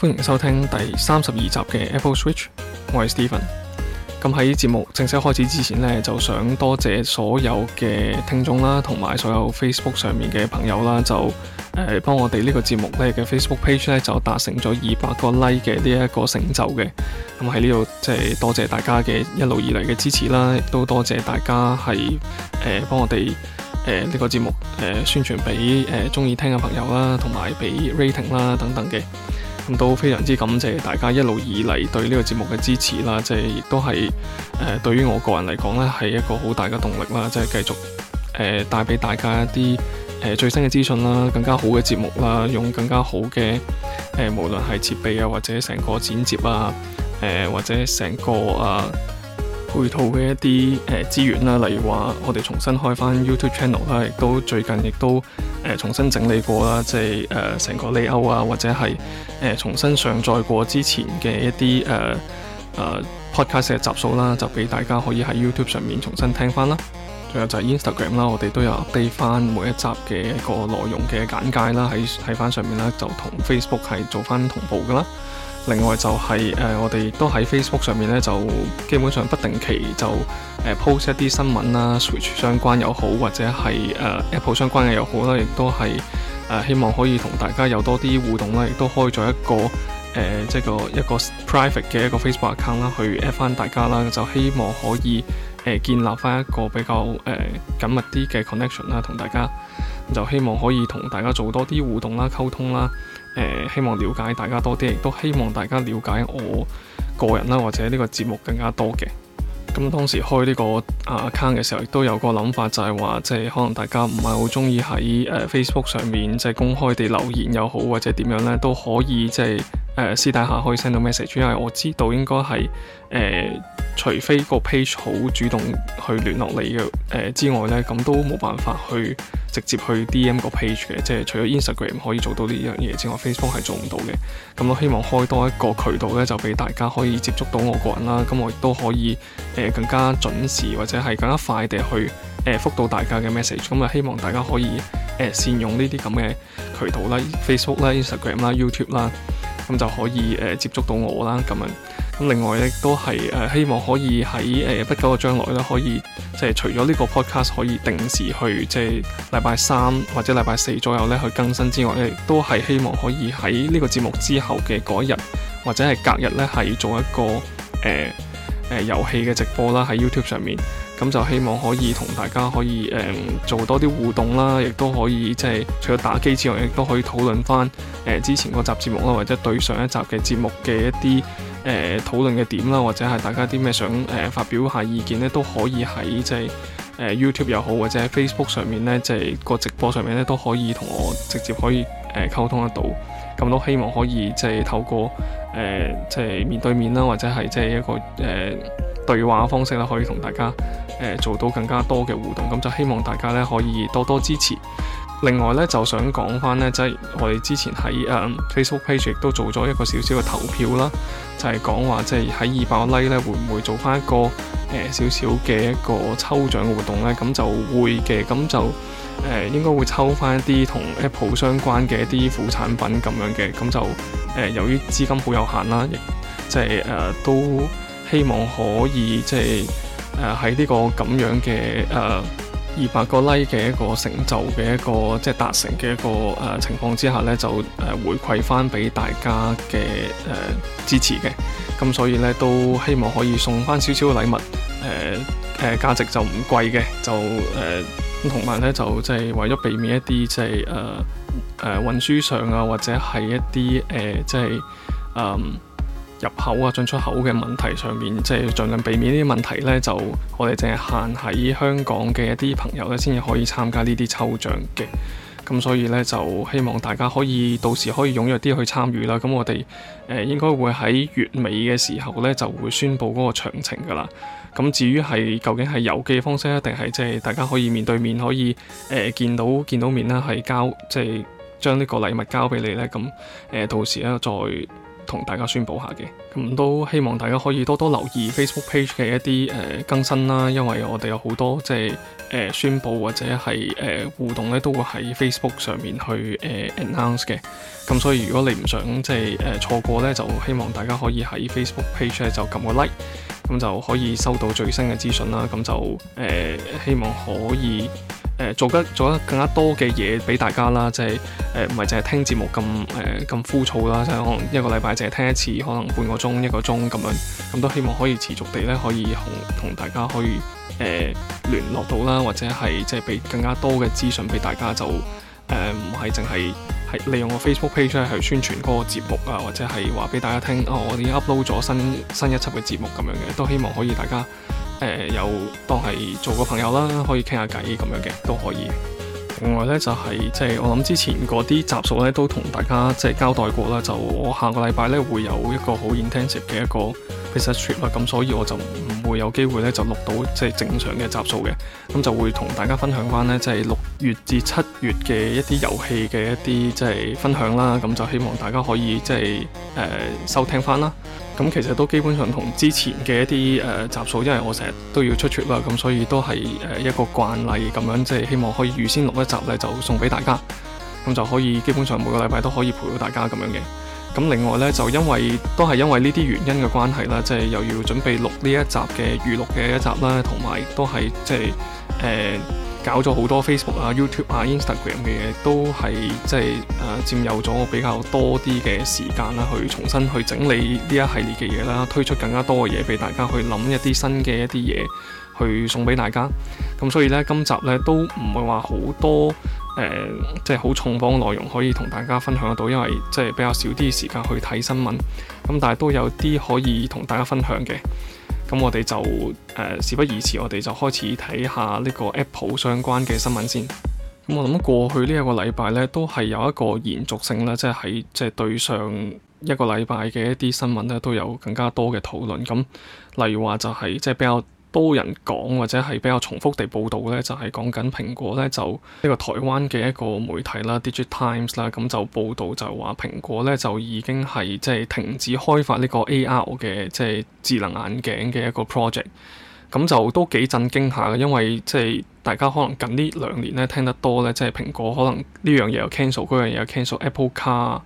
歡迎收聽第三十二集嘅 Apple Switch，我係 Steven。咁喺節目正式開始之前呢，就想多謝所有嘅聽眾啦，同埋所有 Facebook 上面嘅朋友啦，就誒、呃、幫我哋呢個節目咧嘅 Facebook page 咧就達成咗二百個 like 嘅呢一個成就嘅。咁喺呢度即係多謝大家嘅一路以嚟嘅支持啦，亦都多謝大家係誒、呃、幫我哋誒呢個節目誒、呃、宣傳俾誒中意聽嘅朋友啦，同埋俾 rating 啦等等嘅。都非常之感謝大家一路以嚟對呢個節目嘅支持啦，即係亦都係誒對於我個人嚟講咧，係一個好大嘅動力啦，即係繼續誒帶俾大家一啲誒、呃、最新嘅資訊啦，更加好嘅節目啦，用更加好嘅誒、呃，無論係設備啊，或者成個剪接、呃、啊，誒或者成個啊。配套嘅一啲誒、呃、資源啦，例如話我哋重新開翻 YouTube channel 啦，亦都最近亦都誒、呃、重新整理過啦，即係誒成個 layout 啊，或者係誒、呃、重新上載過之前嘅一啲誒誒 Podcast 嘅集數啦，就俾大家可以喺 YouTube 上面重新聽翻啦。仲有就係 Instagram 啦，我哋都有 update 翻每一集嘅一個內容嘅簡介啦，喺睇翻上面啦，就同 Facebook 係做翻同步㗎啦。另外就係、是、誒、呃，我哋都喺 Facebook 上面咧，就基本上不定期就誒、呃、post 一啲新聞啦，Switch 相關又好，或者係誒、呃、Apple 相關嘅又好啦，亦都係誒、呃、希望可以同大家有多啲互動啦，亦都開咗一個誒、呃、即係個一個 private 嘅一個，個 Facebook account 啦，去 at 翻大家啦，就希望可以誒、呃、建立翻一個比較誒、呃、緊密啲嘅 connection 啦，同大家就希望可以同大家做多啲互動啦、溝通啦。希望了解大家多啲，亦都希望大家了解我個人啦，或者呢個節目更加多嘅。咁當時開呢個啊 account 嘅時候，亦都有個諗法就，就係話，即係可能大家唔係好中意喺誒 Facebook 上面，即係公開地留言又好，或者點樣咧，都可以即係。就是誒、呃、私底下可以 send 到 message，因為我知道應該係誒、呃，除非個 page 好主動去聯絡你嘅誒、呃、之外咧，咁都冇辦法去直接去 DM 個 page 嘅。即係除咗 Instagram 可以做到呢樣嘢之外，Facebook 係做唔到嘅。咁我希望開多一個渠道咧，就俾大家可以接觸到我個人啦。咁我亦都可以誒、呃、更加準時或者係更加快地去誒覆到大家嘅 message。咁啊，希望大家可以誒、呃、善用呢啲咁嘅渠道啦，Facebook 啦，Instagram 啦，YouTube 啦，咁就可以誒、呃、接觸到我啦，咁樣。咁另外咧，都係誒希望可以喺誒、呃、不久嘅將來咧，可以即係、就是、除咗呢個 podcast 可以定時去，即係禮拜三或者禮拜四左右咧去更新之外咧，都係希望可以喺呢個節目之後嘅嗰日或者係隔日咧，係做一個誒誒遊戲嘅直播啦，喺 YouTube 上面。咁就希望可以同大家可以誒、嗯、做多啲互動啦，亦都可以即係、就是、除咗打機之外，亦都可以討論翻誒、呃、之前嗰集節目啦，或者對上一集嘅節目嘅一啲誒、呃、討論嘅點啦，或者係大家啲咩想誒、呃、發表下意見咧，都可以喺即係誒 YouTube 又好，或者喺 Facebook 上面咧，即係個直播上面咧，都可以同我直接可以誒、呃、溝通得到。咁都希望可以即係、就是、透過誒即係面對面啦，或者係即係一個誒、呃對話方式咧，可以同大家誒、呃、做到更加多嘅互動，咁就希望大家咧可以多多支持。另外咧，就想講翻咧，即、就、係、是、我哋之前喺誒、嗯、Facebook page 亦都做咗一個少少嘅投票啦，就係講話即係喺二百 Like 咧，會唔會做翻一個誒少、呃、小嘅一個抽獎嘅活動咧？咁就會嘅，咁就誒、呃、應該會抽翻一啲同 Apple 相關嘅一啲副產品咁樣嘅，咁就誒、呃、由於資金好有限啦，亦即係誒都。希望可以即係誒喺呢個咁樣嘅誒二百個 like 嘅一個成就嘅一個即係、就是、達成嘅一個誒、呃、情況之下咧，就誒回饋翻俾大家嘅誒、呃、支持嘅。咁所以咧都希望可以送翻少少禮物，誒、呃、誒、呃、價值就唔貴嘅，就誒。同埋咧就即係為咗避免一啲即係誒誒運輸上啊，或者係一啲誒即係嗯。呃就是呃入口啊，進出口嘅問題上面，即係盡量避免呢啲問題呢，就我哋淨係限喺香港嘅一啲朋友呢先至可以參加呢啲抽獎嘅。咁所以呢，就希望大家可以到時可以踴躍啲去參與啦。咁我哋誒、呃、應該會喺月尾嘅時候呢，就會宣布嗰個詳情㗎喇。咁至於係究竟係郵寄方式啊，定係即係大家可以面對面可以誒、呃、見到見到面啦，係交即係將呢個禮物交俾你呢。咁誒、呃、到時咧再。同大家宣布下嘅，咁都希望大家可以多多留意 Facebook page 嘅一啲誒、呃、更新啦，因為我哋有好多即係誒、呃、宣佈或者係誒、呃、互動咧，都會喺 Facebook 上面去誒 announce 嘅。咁、呃、所以如果你唔想即係誒、呃、錯過咧，就希望大家可以喺 Facebook page 咧就撳個 like，咁就可以收到最新嘅資訊啦。咁就誒、呃、希望可以。誒、呃、做得做得更加多嘅嘢俾大家啦，即係誒唔係淨係聽節目咁誒咁枯燥啦，即係可能一個禮拜淨係聽一次，可能半個鐘一個鐘咁樣，咁都希望可以持續地咧可以同同大家可以誒、呃、聯絡到啦，或者係即係俾更加多嘅資訊俾大家就誒唔係淨係係利用個 Facebook page 去宣傳嗰個節目啊，或者係話俾大家聽哦，我哋 upload 咗新新一輯嘅節目咁樣嘅，都希望可以大家。誒、呃、有當係做個朋友啦，可以傾下偈咁樣嘅都可以。另外呢，就係即係我諗之前嗰啲集數呢都同大家即係交代過啦。就我下個禮拜呢會有一個好 intensive 嘅一個 business trip 啦，咁所以我就唔會有機會呢就錄到即係正常嘅集數嘅。咁就會同大家分享翻呢，即係六月至七月嘅一啲遊戲嘅一啲即係分享啦。咁就希望大家可以即係誒、呃、收聽翻啦。咁其實都基本上同之前嘅一啲誒、呃、集數，因為我成日都要出場啦，咁所以都係誒、呃、一個慣例咁樣，即係希望可以預先錄一集咧，就送俾大家，咁就可以基本上每個禮拜都可以陪到大家咁樣嘅。咁另外呢，就因為都係因為呢啲原因嘅關係啦，即係又要準備錄呢一集嘅預錄嘅一集啦，同埋都係即係誒、呃搞咗好多 Facebook 啊、YouTube 啊、Instagram 嘅嘢，都係即係誒佔有咗比較多啲嘅時間啦，去重新去整理呢一系列嘅嘢啦，推出更加多嘅嘢俾大家去諗一啲新嘅一啲嘢去送俾大家。咁所以咧，今集咧都唔會話好多誒即係好重磅嘅內容可以同大家分享得到，因為即係、就是、比較少啲時間去睇新聞，咁但係都有啲可以同大家分享嘅。咁我哋就誒、呃、事不宜遲，我哋就開始睇下呢個 Apple 相關嘅新聞先。咁我諗過去呢一個禮拜咧，都係有一個延續性咧，即係喺即係對上一個禮拜嘅一啲新聞咧，都有更加多嘅討論。咁例如話就係即係比較多人講或者係比較重複地報導呢，就係講緊蘋果呢，就呢個台灣嘅一個媒體啦 DigiTimes 啦，咁就報導就話蘋果呢就已經係即係停止開發呢個 AR 嘅即係智能眼鏡嘅一個 project，咁就都幾震驚下嘅，因為即係大家可能近呢兩年呢聽得多呢，即係蘋果可能呢樣嘢有 cancel，嗰樣嘢有 cancel，Apple Car、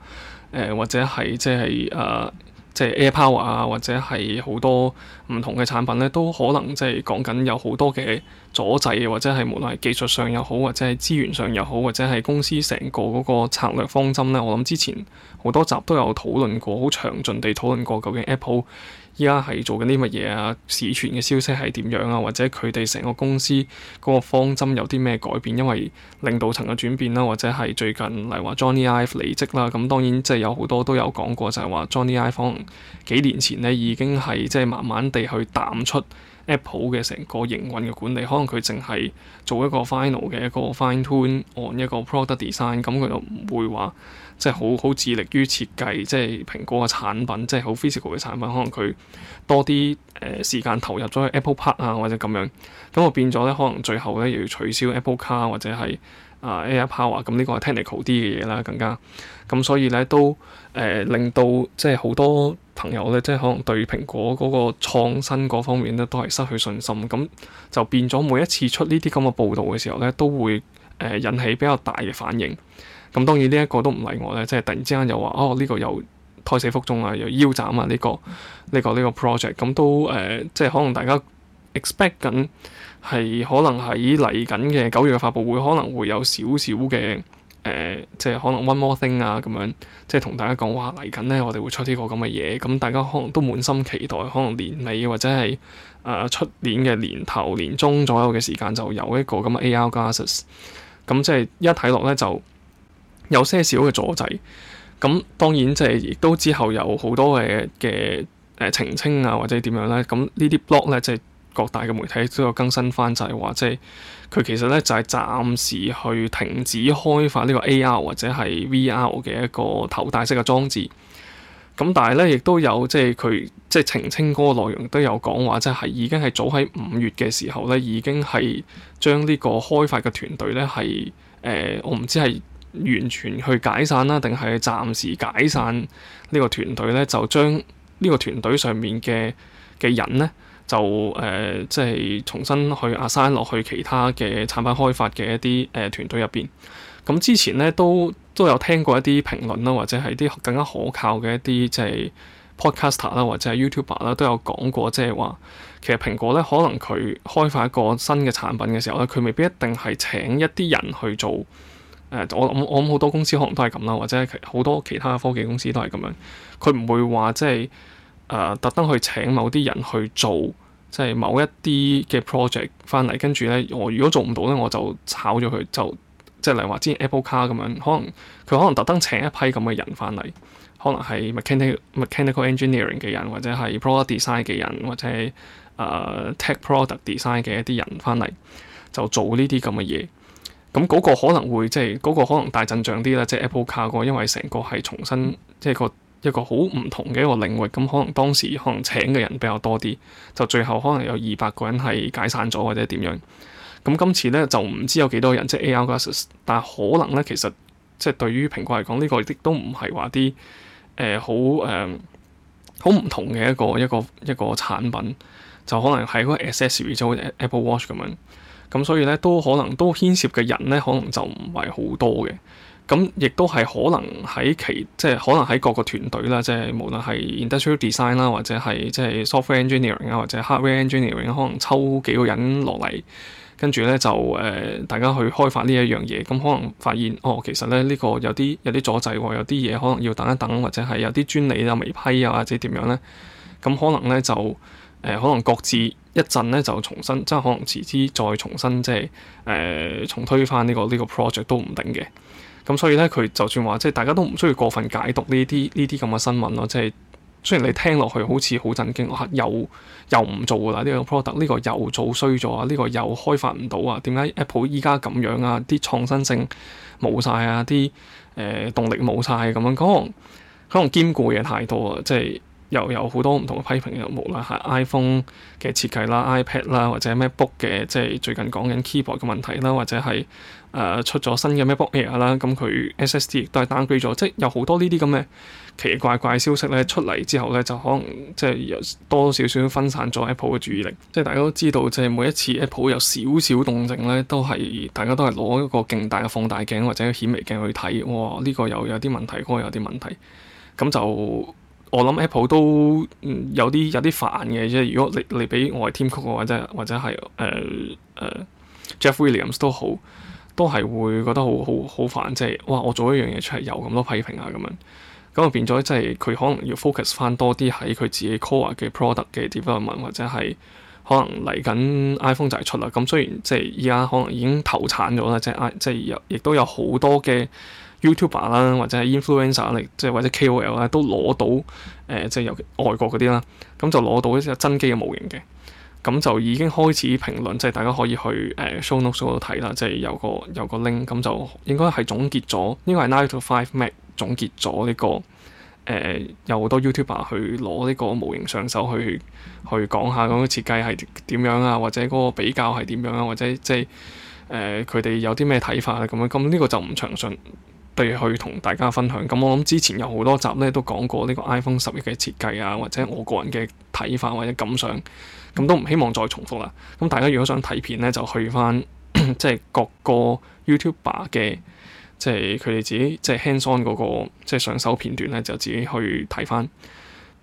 呃、或者係即係啊。呃即係 AirPower 啊，或者係好多唔同嘅產品咧，都可能即係講緊有好多嘅阻滯，或者係無論係技術上又好，或者係資源上又好，或者係公司成個嗰個策略方針咧。我諗之前好多集都有討論過，好詳盡地討論過究竟 Apple，依家係做緊啲乜嘢啊？市傳嘅消息係點樣啊？或者佢哋成個公司嗰個方針有啲咩改變？因為領導層嘅轉變啦、啊，或者係最近例如話 Johnny Ive 離職啦、啊，咁當然即係有好多都有講過，就係話 Johnny Ive 可能幾年前呢已經係即係慢慢地去淡出 Apple 嘅成個營運嘅管理，可能佢淨係做一個 final 嘅一個 final tune 按一個 product design，咁佢又唔會話。即係好好致力於設計，即係蘋果嘅產品，即係好 physical 嘅產品。可能佢多啲誒、呃、時間投入咗喺 Apple Park 啊，或者咁樣。咁我變咗咧，可能最後咧又要取消 Apple Car 或者係啊、呃、Air Power。咁呢個係 technical 啲嘅嘢啦，更加。咁所以咧都誒、呃、令到即係好多朋友咧，即係可能對蘋果嗰個創新嗰方面咧都係失去信心。咁就變咗每一次出呢啲咁嘅報道嘅時候咧，都會誒、呃、引起比較大嘅反應。咁當然呢一個都唔例外咧，即係突然之間又話哦呢、這個又胎死腹中啊，又腰斬啊。呢、這個呢、這個呢、這個 project 咁都誒、呃，即係可能大家 expect 緊，係可能喺嚟緊嘅九月嘅發布會可能會有少少嘅誒、呃，即係可能 one more thing 啊咁樣，即係同大家講話嚟緊咧，我哋會出呢個咁嘅嘢。咁大家可能都滿心期待，可能年尾或者係誒出年嘅年頭、年中左右嘅時間就有一個咁嘅 AR glasses。咁即係一睇落咧就，有些少嘅阻滯，咁當然即係亦都之後有好多嘅嘅誒澄清啊，或者點樣咧？咁呢啲 blog 咧，即係各大嘅媒體都有更新翻，就係話即係佢其實咧就係暫時去停止開發呢個 AR 或者係 VR 嘅一個頭戴式嘅裝置。咁但係咧，亦都有即係佢即係澄清嗰個內容都有講話，即係已經係早喺五月嘅時候咧，已經係將呢個開發嘅團隊咧係誒，我唔知係，完全去解散啦，定係暫時解散呢個團隊呢？就將呢個團隊上面嘅嘅人呢，就誒即係重新去 assign 落去其他嘅產品開發嘅一啲誒團隊入邊。咁、嗯、之前呢，都都有聽過一啲評論啦，或者係啲更加可靠嘅一啲即係 Podcaster 啦，就是、Pod caster、或者係 YouTuber 啦，都有講過，即係話其實蘋果呢，可能佢開發一個新嘅產品嘅時候呢，佢未必一定係請一啲人去做。我我我諗好多公司可能都係咁啦，或者其好多其他科技公司都係咁樣。佢唔會話即係誒特登去請某啲人去做即係、就是、某一啲嘅 project 翻嚟，跟住咧我如果做唔到咧，我就炒咗佢，就即係、就是、例如話之前 Apple Car 咁樣，可能佢可能特登請一批咁嘅人翻嚟，可能係 mechanical engineering 嘅人，或者係 product design 嘅人，或者係誒、呃、tech product design 嘅一啲人翻嚟，就做呢啲咁嘅嘢。咁嗰個可能會即係嗰、嗰個可能大陣仗啲啦，即係 Apple Car 個因為成個係重新即係個一個好唔同嘅一個領域，咁可能當時可能請嘅人比較多啲，就最後可能有二百個人係解散咗或者點樣。咁今次咧就唔知有幾多人即係 AR Glasses 但係可能咧其實即係對於蘋果嚟講呢個亦都唔係話啲誒好誒好唔同嘅一個一個一個,一個產品，就可能係嗰個 Accessory 或者 Apple Watch 咁樣。咁所以咧，都可能都牽涉嘅人咧，可能就唔係好多嘅。咁亦都係可能喺其即係可能喺各個團隊啦，即係無論係 industrial design 啦，或者係即係 software engineering 啊，或者 hardware engineering，可能抽幾個人落嚟，跟住咧就誒、呃、大家去開發呢一樣嘢。咁、嗯、可能發現哦，其實咧呢、呢個有啲有啲阻滯喎、哦，有啲嘢可能要等一等，或者係有啲專利啊未批啊、哦、或者點樣咧。咁、嗯、可能咧就誒、呃、可能各自。一陣咧就重新，即係可能遲啲再重新，即係誒、呃、重推翻呢、呢個呢、呢個 project 都唔定嘅。咁所以咧，佢就算話即係大家都唔需要過分解讀呢啲呢啲咁嘅新聞咯。即係雖然你聽落去好似好震驚，哇！又又唔做㗎啦，呢、呢個 product 呢個又早衰咗啊，呢、呢個又開發唔到啊，點解 Apple 依家咁樣啊？啲創新性冇晒啊，啲誒、呃、動力冇晒咁樣，可能可能兼顧嘢太多啊，即係。又有好多唔同嘅批評，無論係 iPhone 嘅設計啦、iPad 啦，或者 MacBook 嘅，即係最近講緊 keyboard 嘅問題啦，或者係誒、呃、出咗新嘅 MacBook Air 啦，咁佢 SSD 亦都係 downgrade 咗，即係有好多呢啲咁嘅奇怪怪消息咧出嚟之後咧，就可能即係有多多少少分散咗 Apple 嘅注意力。即係大家都知道，即係每一次 Apple 有少少動靜咧，都係大家都係攞一個勁大嘅放大鏡或者顯微鏡去睇，哇！呢、這個又有啲問題，嗰、那個有啲問題，咁就。我諗 Apple 都有啲有啲煩嘅，即係如果你你俾我係 Tim Cook 嘅話，即係或者係誒誒 Jeff Williams 都好，都係會覺得好好好煩，即係哇！我做一樣嘢出嚟有咁多批評啊咁樣，咁就變咗即係佢可能要 focus 翻多啲喺佢自己 core 嘅 product 嘅 development，或者係可能嚟緊 iPhone 就係出啦。咁雖然即係而家可能已經投產咗啦，即係 I 即係亦都有好多嘅。YouTuber 啦，或者係 influencer 嚟，即係或者 KOL 咧，都攞到誒，即係尤其外國嗰啲啦，咁就攞到一隻真機嘅模型嘅，咁就已經開始評論，即、就、係、是、大家可以去誒 Show Notes 嗰度睇啦，即、呃、係、就是、有個有個 link，咁就應該係總結咗呢、這個係 Nine to Five Mac 總結咗呢、這個誒、呃，有好多 YouTuber 去攞呢個模型上手去去講下嗰個設計係點樣啊，或者嗰個比較係點樣啊，或者即係誒佢哋有啲咩睇法咧咁樣，咁呢個就唔詳細。對，去同大家分享。咁我諗之前有好多集咧都講過呢個 iPhone 11嘅設計啊，或者我個人嘅睇法或者感想。咁都唔希望再重複啦。咁大家如果想睇片咧，就去翻即係各個 YouTuber 嘅，即係佢哋自己即係、就是、hands-on 嗰、那個即係、就是、上手片段咧，就自己去睇翻。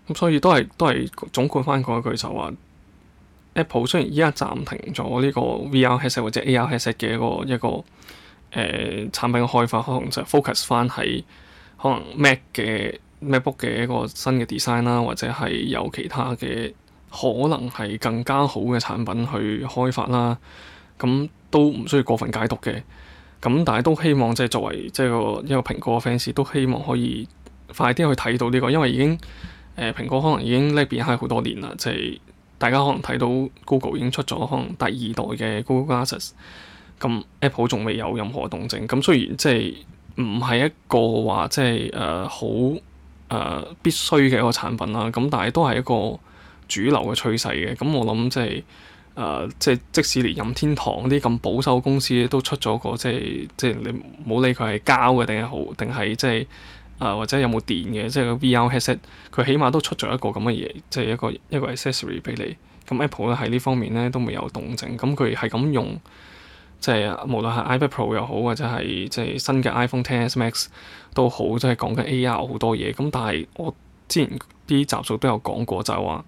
咁所以都係都係總括翻嗰一句就話，Apple 雖然依家暫停咗呢個 VR headset 或者 AR headset 嘅一個一個。一個誒、呃、產品嘅開發可能就 focus 翻喺可能 Mac 嘅 MacBook 嘅一個新嘅 design 啦，或者係有其他嘅可能係更加好嘅產品去開發啦。咁都唔需要過分解讀嘅。咁但係都希望即係作為即係個一個蘋果嘅 fans 都希望可以快啲去睇到呢、這個，因為已經誒、呃、蘋果可能已經 lag behind 好多年啦。即、就、係、是、大家可能睇到 Google 已經出咗可能第二代嘅 Google Glasses。咁 Apple 仲未有任何動靜。咁雖然即係唔係一個話即係誒好誒必須嘅一個產品啦，咁但係都係一個主流嘅趨勢嘅。咁我諗即係誒即係即使連任天堂啲咁保守公司都出咗個即係即係你冇理佢係膠嘅定係好定係即係啊或者有冇電嘅，即係個 VR headset 佢起碼都出咗一個咁嘅嘢，即係一個一個 accessory 俾你。咁 Apple 咧喺呢方面咧都未有動靜，咁佢係咁用。即係無論係 iPad Pro 又好，或者係即係新嘅 iPhone XS Max 都好，即係講緊 AR 好多嘢。咁但係我之前啲集數都有講過就，就係話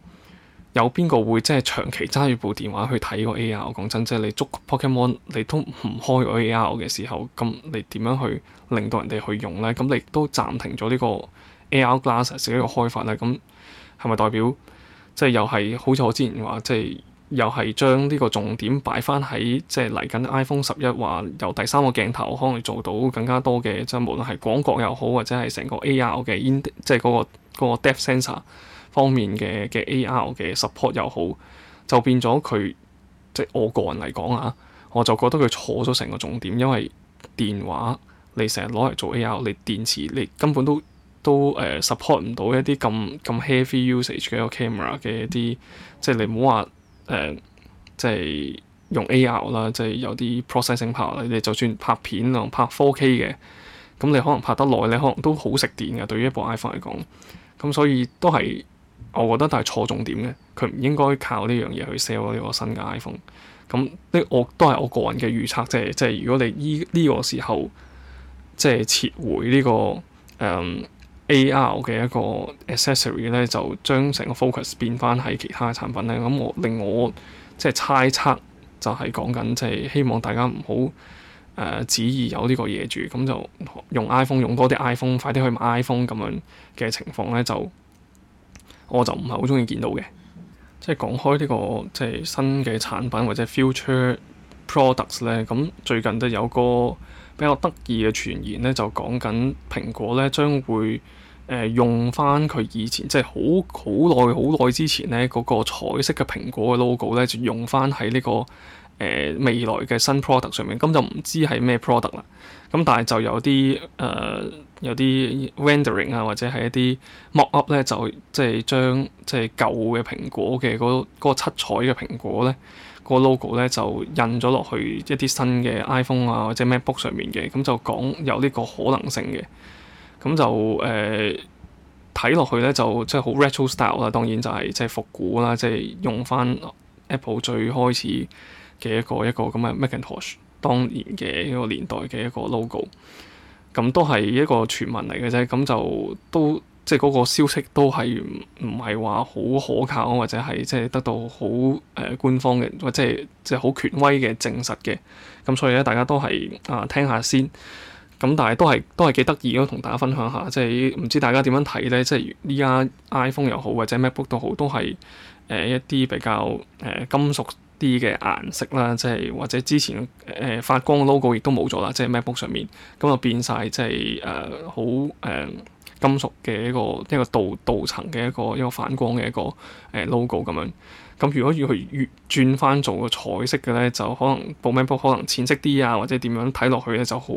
有邊個會即係長期揸住部電話去睇個 AR？我講真，即係你捉 Pokemon 你都唔開個 AR 嘅時候，咁你點樣去令到人哋去用咧？咁你都暫停咗呢個 AR glass 嘅一個開發咧？咁係咪代表即係又係好似我之前話即係？又係將呢個重點擺翻喺即係嚟緊 iPhone 十一，話由第三個鏡頭可能做到更加多嘅，即係無論係廣角又好，或者係成個 AR 嘅即係嗰個嗰個 depth sensor 方面嘅嘅 AR 嘅 support 又好，就變咗佢，即係我個人嚟講啊，我就覺得佢錯咗成個重點，因為電話你成日攞嚟做 AR，你電池你根本都都誒 support 唔到一啲咁咁 heavy usage 嘅一個 camera 嘅一啲，即係你唔好話。呃、即係用 AR 啦，即係有啲 processing power，你就算拍片啊，拍 4K 嘅，咁你可能拍得耐你可能都好食電嘅。對於一部 iPhone 嚟講，咁所以都係，我覺得都係錯重點嘅。佢唔應該靠呢樣嘢去 sell 呢個新嘅 iPhone。咁呢，我都係我個人嘅預測，即係即係如果你依呢個時候，即係撤回呢、這個誒。嗯 A.R. 嘅一個 accessory 咧，就將成個 focus 變翻喺其他嘅產品咧。咁我令我即係猜測就，就係講緊即係希望大家唔好誒旨意有呢個嘢住。咁就用 iPhone 用多啲 iPhone，快啲去買 iPhone 咁樣嘅情況咧，就我就唔係好中意見到嘅。即係講開呢、這個即係新嘅產品或者 future products 咧。咁最近都有個比較得意嘅傳言咧，就講緊蘋果咧將會。誒、呃、用翻佢以前即係好好耐好耐之前咧嗰、嗰個彩色嘅蘋果嘅 logo 咧，就用翻喺呢個誒、呃、未來嘅新 product 上面，咁就唔知係咩 product 啦。咁但係就有啲誒、呃、有啲 rendering 啊，或者係一啲 mock up 咧，就即係將即係舊嘅蘋果嘅嗰、嗰個七彩嘅蘋果咧、嗰個 logo 咧就印咗落去一啲新嘅 iPhone 啊或者 MacBook 上面嘅，咁、嗯、就講有呢個可能性嘅。咁就誒睇落去咧，就即係好 retro style 啦。當然就係、是、即係復古啦，即係用翻 Apple 最開始嘅一個一個咁嘅 Macintosh 當年嘅一個年代嘅一個 logo。咁都係一個傳聞嚟嘅啫。咁就都即係嗰個消息都係唔唔係話好可靠，或者係即係得到好誒、呃、官方嘅，或者係即係好權威嘅證實嘅。咁所以咧，大家都係啊聽下先。咁但係都係都係幾得意咯，同大家分享下。即係唔知大家點樣睇咧？即係依家 iPhone 又好，或者 MacBook 都好，都係誒、呃、一啲比較誒、呃、金屬啲嘅顏色啦。即係或者之前誒、呃、發光嘅 logo 亦都冇咗啦。即係 MacBook 上面咁就變晒，即係誒好誒金屬嘅一個一個鍍鍍層嘅一個一個反光嘅一個誒 logo 咁樣。咁如果要去轉翻做彩色嘅咧，就可能部 MacBook 可能淺色啲啊，或者點樣睇落去咧就好。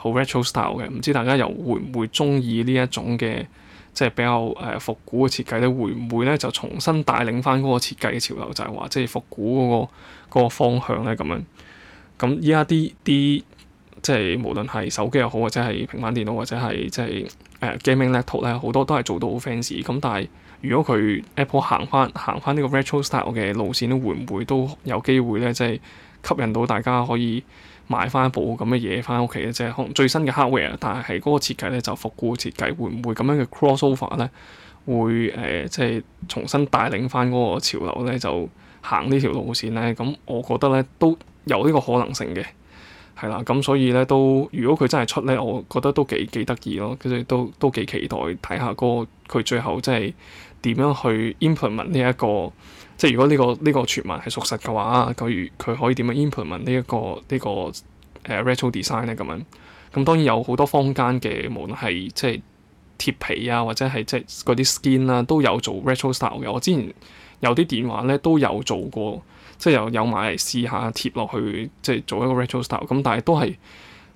好 retro style 嘅，唔知大家又會唔會中意呢一種嘅，即係比較誒、呃、復古嘅設計咧？會唔會咧就重新帶領翻嗰個設計嘅潮流，就係、是、話即係復古嗰個嗰個方向咧咁樣？咁依家啲啲即係無論係手機又好，或者係平板電腦，或者係即係誒、呃、gaming laptop 咧，好多都係做到好 fancy 咁。但係如果佢 Apple 行翻行翻呢個 retro style 嘅路線咧，會唔會都有機會咧？即係吸引到大家可以？買翻部咁嘅嘢翻屋企嘅即係可能最新嘅 hardware，但係喺嗰個設計咧就復古設計，會唔會咁樣嘅 crossover 咧？會誒、呃，即係重新帶領翻嗰個潮流咧，就行呢條路線咧。咁我覺得咧都有呢個可能性嘅，係啦。咁所以咧都，如果佢真係出咧，我覺得都幾幾得意咯。跟住都都幾期待睇下嗰、嗰個佢最後即係點樣去 implement 呢、呢、一個。即係如果呢、這個呢、這個傳聞係屬實嘅話，佢佢可以點樣 implement 呢一個呢、這個誒、uh, retro design 咧咁樣？咁當然有好多坊間嘅，無論係即係貼皮啊，或者係即係嗰啲 skin 啦、啊，都有做 retro style 嘅。我之前有啲電話咧都有做過，即係又有，有買嚟試下貼落去，即係做一個 retro style。咁但係都係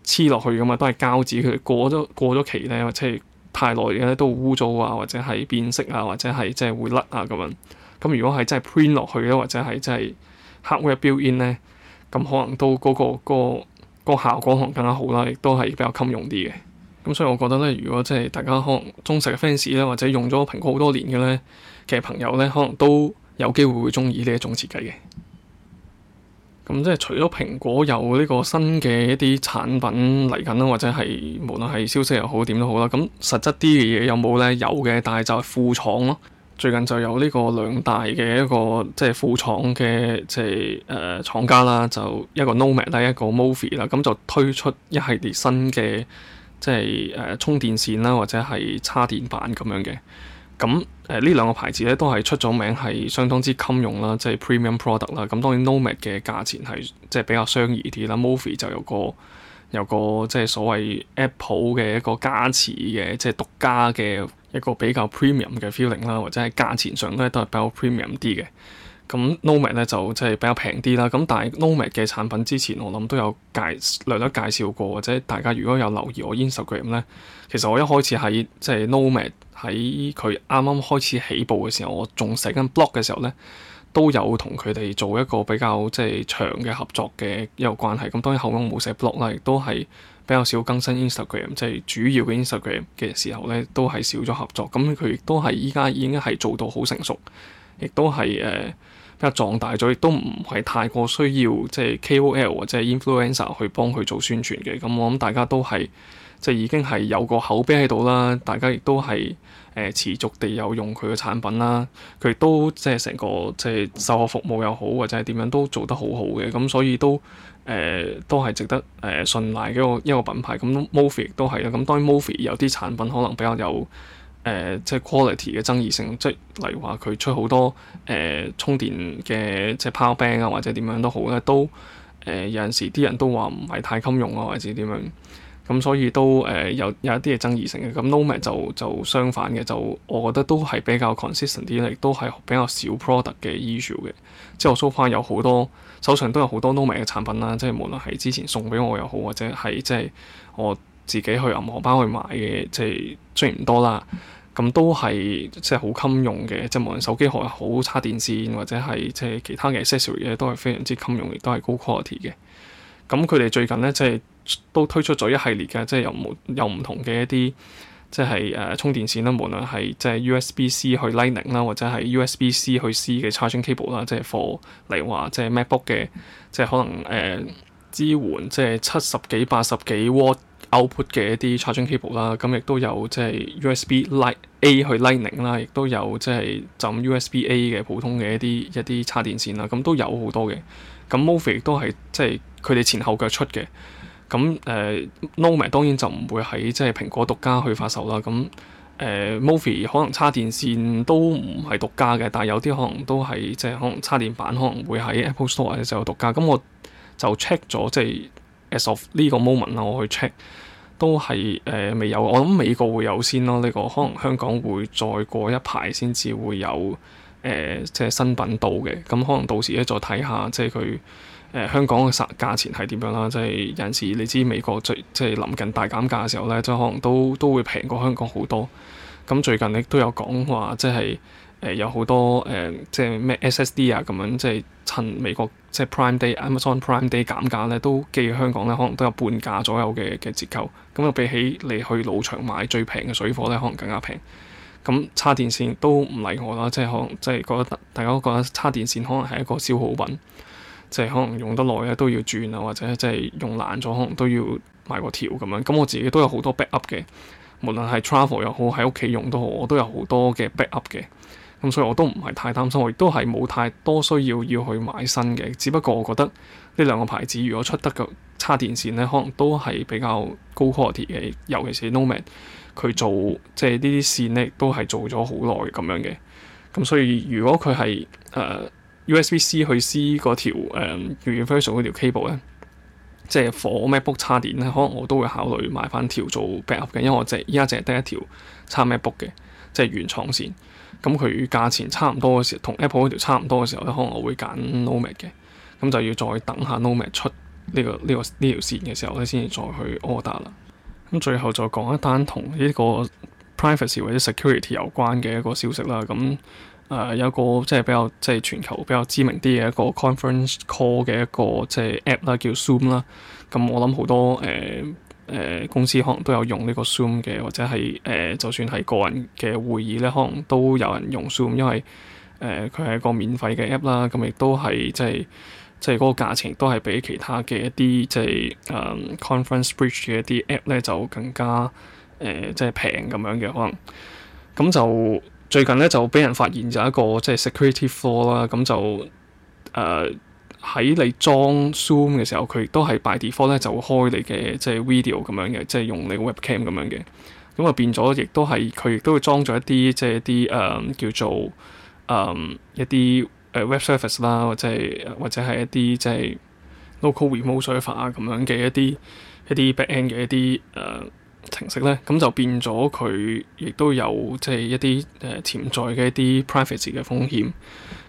黐落去嘅嘛，都係膠紙。佢過咗過咗期咧，或者係太耐嘅咧，都污糟啊，或者係變色啊，或者係即係會甩啊咁樣。咁如果係真係 print 落去咧，或者係真係 hardware build in 咧，咁可能都嗰、嗰個、嗰個、嗰個效果可能更加好啦，亦都係比較襟用啲嘅。咁所以我覺得咧，如果真係大家可能忠實嘅 fans 咧，或者用咗蘋果好多年嘅咧嘅朋友咧，可能都有機會會中意呢一種設計嘅。咁即係除咗蘋果有呢個新嘅一啲產品嚟緊啦，或者係無論係消息又好點都好啦，咁實質啲嘅嘢有冇咧？有嘅，但係就係副廠咯。最近就有呢個兩大嘅一個即係副廠嘅即係誒廠家啦，就一個 Nomad 啦，一個 Mophie 啦，咁就推出一系列新嘅即係誒充電線啦，或者係叉電板咁樣嘅。咁誒呢兩個牌子咧都係出咗名，係相當之襟用啦，即係 premium product 啦。咁當然 Nomad 嘅價錢係即係比較相宜啲啦，Mophie 就有個。有個即係所謂 Apple 嘅一個加持嘅，即係獨家嘅一個比較 premium 嘅 feeling 啦，或者係價錢上都係都係比較 premium 啲嘅。咁 Nomad 咧就即係比較平啲啦。咁但係 Nomad 嘅產品之前我諗都有介略略介紹過，或者大家如果有留意我 Instagram 咧，其實我一開始喺即係 Nomad 喺佢啱啱開始起步嘅時候，我仲寫緊 blog 嘅時候咧。都有同佢哋做一個比較即係、就是、長嘅合作嘅一個關係，咁當然後尾我冇寫 blog 啦，亦都係比較少更新 Instagram，即係主要嘅 Instagram 嘅時候咧，都係少咗合作。咁佢亦都係依家已經係做到好成熟，亦都係誒、呃、比較壯大咗，亦都唔係太過需要即係、就是、KOL 或者係 influencer 去幫佢做宣傳嘅。咁我諗大家都係即係已經係有個口碑喺度啦，大家亦都係。持續地有用佢嘅產品啦，佢亦都即係成個即係售後服務又好或者係點樣都做得好好嘅，咁所以都誒、呃、都係值得誒信、呃、賴嘅一個一個品牌。咁 Movfi 亦都係。咁當然 Movfi 有啲產品可能比較有誒、呃、即係 quality 嘅爭議性，即係例如話佢出好多誒、呃、充電嘅即係 power bank 啊或者點樣都好咧，都誒、呃、有陣時啲人都話唔係太襟用啊或者點樣。咁、嗯、所以都誒、呃、有有一啲嘅爭議性嘅，咁 Nomad 就就相反嘅，就我覺得都係比較 consistent 啲，亦都係比較少 product 嘅 issue 嘅。即係我 so far 有好多，手上都有好多 Nomad 嘅產品啦。即係無論係之前送畀我又好，或者係即係我自己去銀行包去買嘅，即係雖然唔多啦，咁都係即係好襟用嘅。即係無論手機殼啊，好叉電線，或者係即係其他嘅 accessory 咧，都係非常之襟用，亦都係高 quality 嘅。咁佢哋最近咧即係。都推出咗一系列嘅，即係有冇有唔同嘅一啲，即係誒、呃、充電線啦，無論係即係 U S B C 去 Lightning 啦，或者係 U S B C 去 C 嘅 Charging cable 啦，即係 for 例如話即係 MacBook 嘅，即係可能誒、呃、支援即係七十幾，幾、八十幾瓦 output 嘅一啲 Charging cable 啦。咁亦都有即係 U S B A 去 Lightning 啦，亦都有即係就 U S B A 嘅普通嘅一啲一啲插電線啦。咁都有好多嘅。咁 Mofi 都係即係佢哋前後腳出嘅。咁誒 Nomad 當然就唔會喺即係蘋果獨家去發售啦。咁誒、呃、Mophie 可能叉電線都唔係獨家嘅，但係有啲可能都係即係可能叉電板可能會喺 Apple Store 就獨家。咁我就 check 咗，即、就、係、是、as of 呢個 moment 啊，我去 check 都係誒、呃、未有。我諗美國會有先咯，呢、這個可能香港會再過一排先至會有誒即係新品到嘅。咁可能到時咧再睇下，即係佢。誒香港嘅價錢係點樣啦？即係有陣時你知美國最即係臨近大減價嘅時候咧，即係可能都都會平過香港好多。咁最近咧都有講話，即係誒有好多誒即係咩 SSD 啊咁樣，即係趁美國即係 Prime Day、Amazon Prime Day 減價咧，都寄香港咧，可能都有半價左右嘅嘅折扣。咁又比起你去老場買最平嘅水貨咧，可能更加平。咁叉電線都唔例外啦，即係可能即係覺得大家覺得叉電線可能係一個消耗品。即係可能用得耐咧，都要轉啊，或者即係用爛咗，可能都要買個條咁樣。咁我自己都有好多 backup 嘅，無論係 travel 又好，喺屋企用都好，我都有好多嘅 backup 嘅。咁所以我都唔係太擔心，我亦都係冇太多需要要去買新嘅。只不過我覺得呢兩個牌子如果出得個叉電線呢，可能都係比較高 quality 嘅，尤其是 Nomad 佢做即係呢啲線呢，都係做咗好耐咁樣嘅。咁所以如果佢係誒。Uh, USB C 去 C 嗰條誒、um, universal 嗰條 cable 咧，即係火 MacBook 叉電咧，可能我都會考慮買翻條做 backup 嘅，因為我就係依家淨係得一條叉 MacBook 嘅，即係原廠線。咁佢價錢差唔多嘅時候，同 Apple 嗰條差唔多嘅時候咧，可能我會揀 Nomad 嘅。咁就要再等下 Nomad 出呢、呢個呢、呢個呢條、呢個、線嘅時候咧，先至再去 order 啦。咁最後再講一單同呢個 privacy 或者 security 有關嘅一個消息啦。咁。誒、呃、有一個即係比較即係全球比較知名啲嘅一個 conference call 嘅一個即係 app om，啦，叫 Zoom 啦。咁我諗好多誒誒、呃呃、公司可能都有用呢個 Zoom 嘅，或者係誒、呃、就算係個人嘅會議咧，可能都有人用 Zoom，因為誒佢係一個免費嘅 app 啦。咁、嗯、亦都係即係即係嗰個價錢都係比其他嘅一啲即係誒、嗯、conference bridge 嘅一啲 app 咧就更加誒、呃、即係平咁樣嘅可能。咁就。最近咧就俾人發現咗一個即係 security flaw 啦，咁就誒喺你裝 Zoom 嘅時候，佢亦都係 by default 咧就會開你嘅即係 video 咁樣嘅，即係用你個 webcam 咁樣嘅，咁啊變咗亦都係佢亦都裝咗一啲即係一啲誒、嗯、叫做誒、嗯、一啲誒 web service 啦，或者係或者係一啲即係、就是、local remote server 啊咁樣嘅一啲一啲 back end 嘅一啲誒、呃程式咧，咁就變咗佢亦都有即係、就是、一啲誒、呃、潛在嘅一啲 privacy 嘅風險。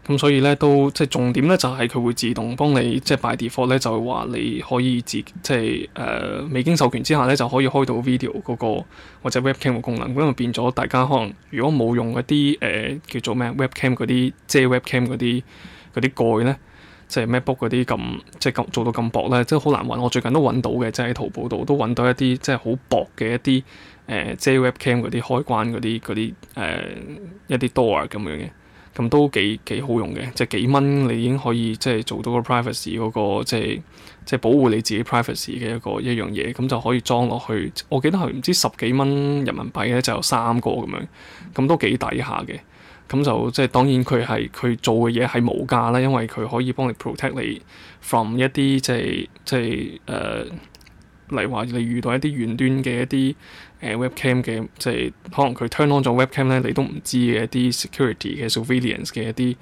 咁所以咧都即係重點咧，就係、是、佢會自動幫你即係擺 default 咧，就係話你可以自即係誒、呃、未經授權之下咧就可以開到 video 嗰、那個或者 webcam 嘅功能，咁就變咗大家可能如果冇用一啲誒、呃、叫做咩 webcam 嗰啲遮 webcam 嗰啲嗰啲蓋咧。即係 MacBook 嗰啲咁，即係咁做到咁薄咧，即係好難揾。我最近都揾到嘅，即係喺淘寶度都揾到一啲即係好薄嘅一啲誒遮、呃、Webcam 嗰啲開關嗰啲嗰啲誒一啲 door 咁樣嘅，咁都幾幾好用嘅。即係幾蚊你已經可以即係做到個 privacy 嗰、嗰個即係即係保護你自己 privacy 嘅一個一樣嘢，咁就可以裝落去。我記得係唔知十幾蚊人民幣咧就有三個咁樣，咁都幾抵下嘅。咁就即係當然佢係佢做嘅嘢係無價啦，因為佢可以幫你 protect 你 from 一啲即係即係誒、呃，例如話你遇到一啲遠端嘅一啲誒、呃、webcam 嘅，即係可能佢 turn on 咗 webcam 咧，你都唔知嘅一啲 security 嘅 surveillance 嘅一啲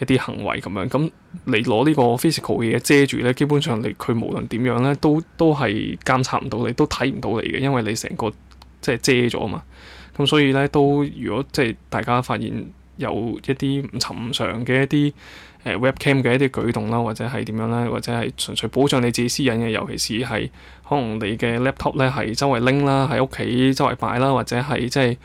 一啲行為咁樣。咁你攞呢個 physical 嘅嘢遮住咧，基本上你佢無論點樣咧，都都係監察唔到你，都睇唔到你嘅，因為你成個即係遮咗啊嘛。咁所以咧，都如果即係大家發現，有一啲唔尋常嘅一啲誒 webcam 嘅一啲舉動啦，或者係點樣咧，或者係純粹保障你自己私隱嘅，尤其是係可能你嘅 laptop 咧係周圍拎啦，喺屋企周圍擺啦，或者係即係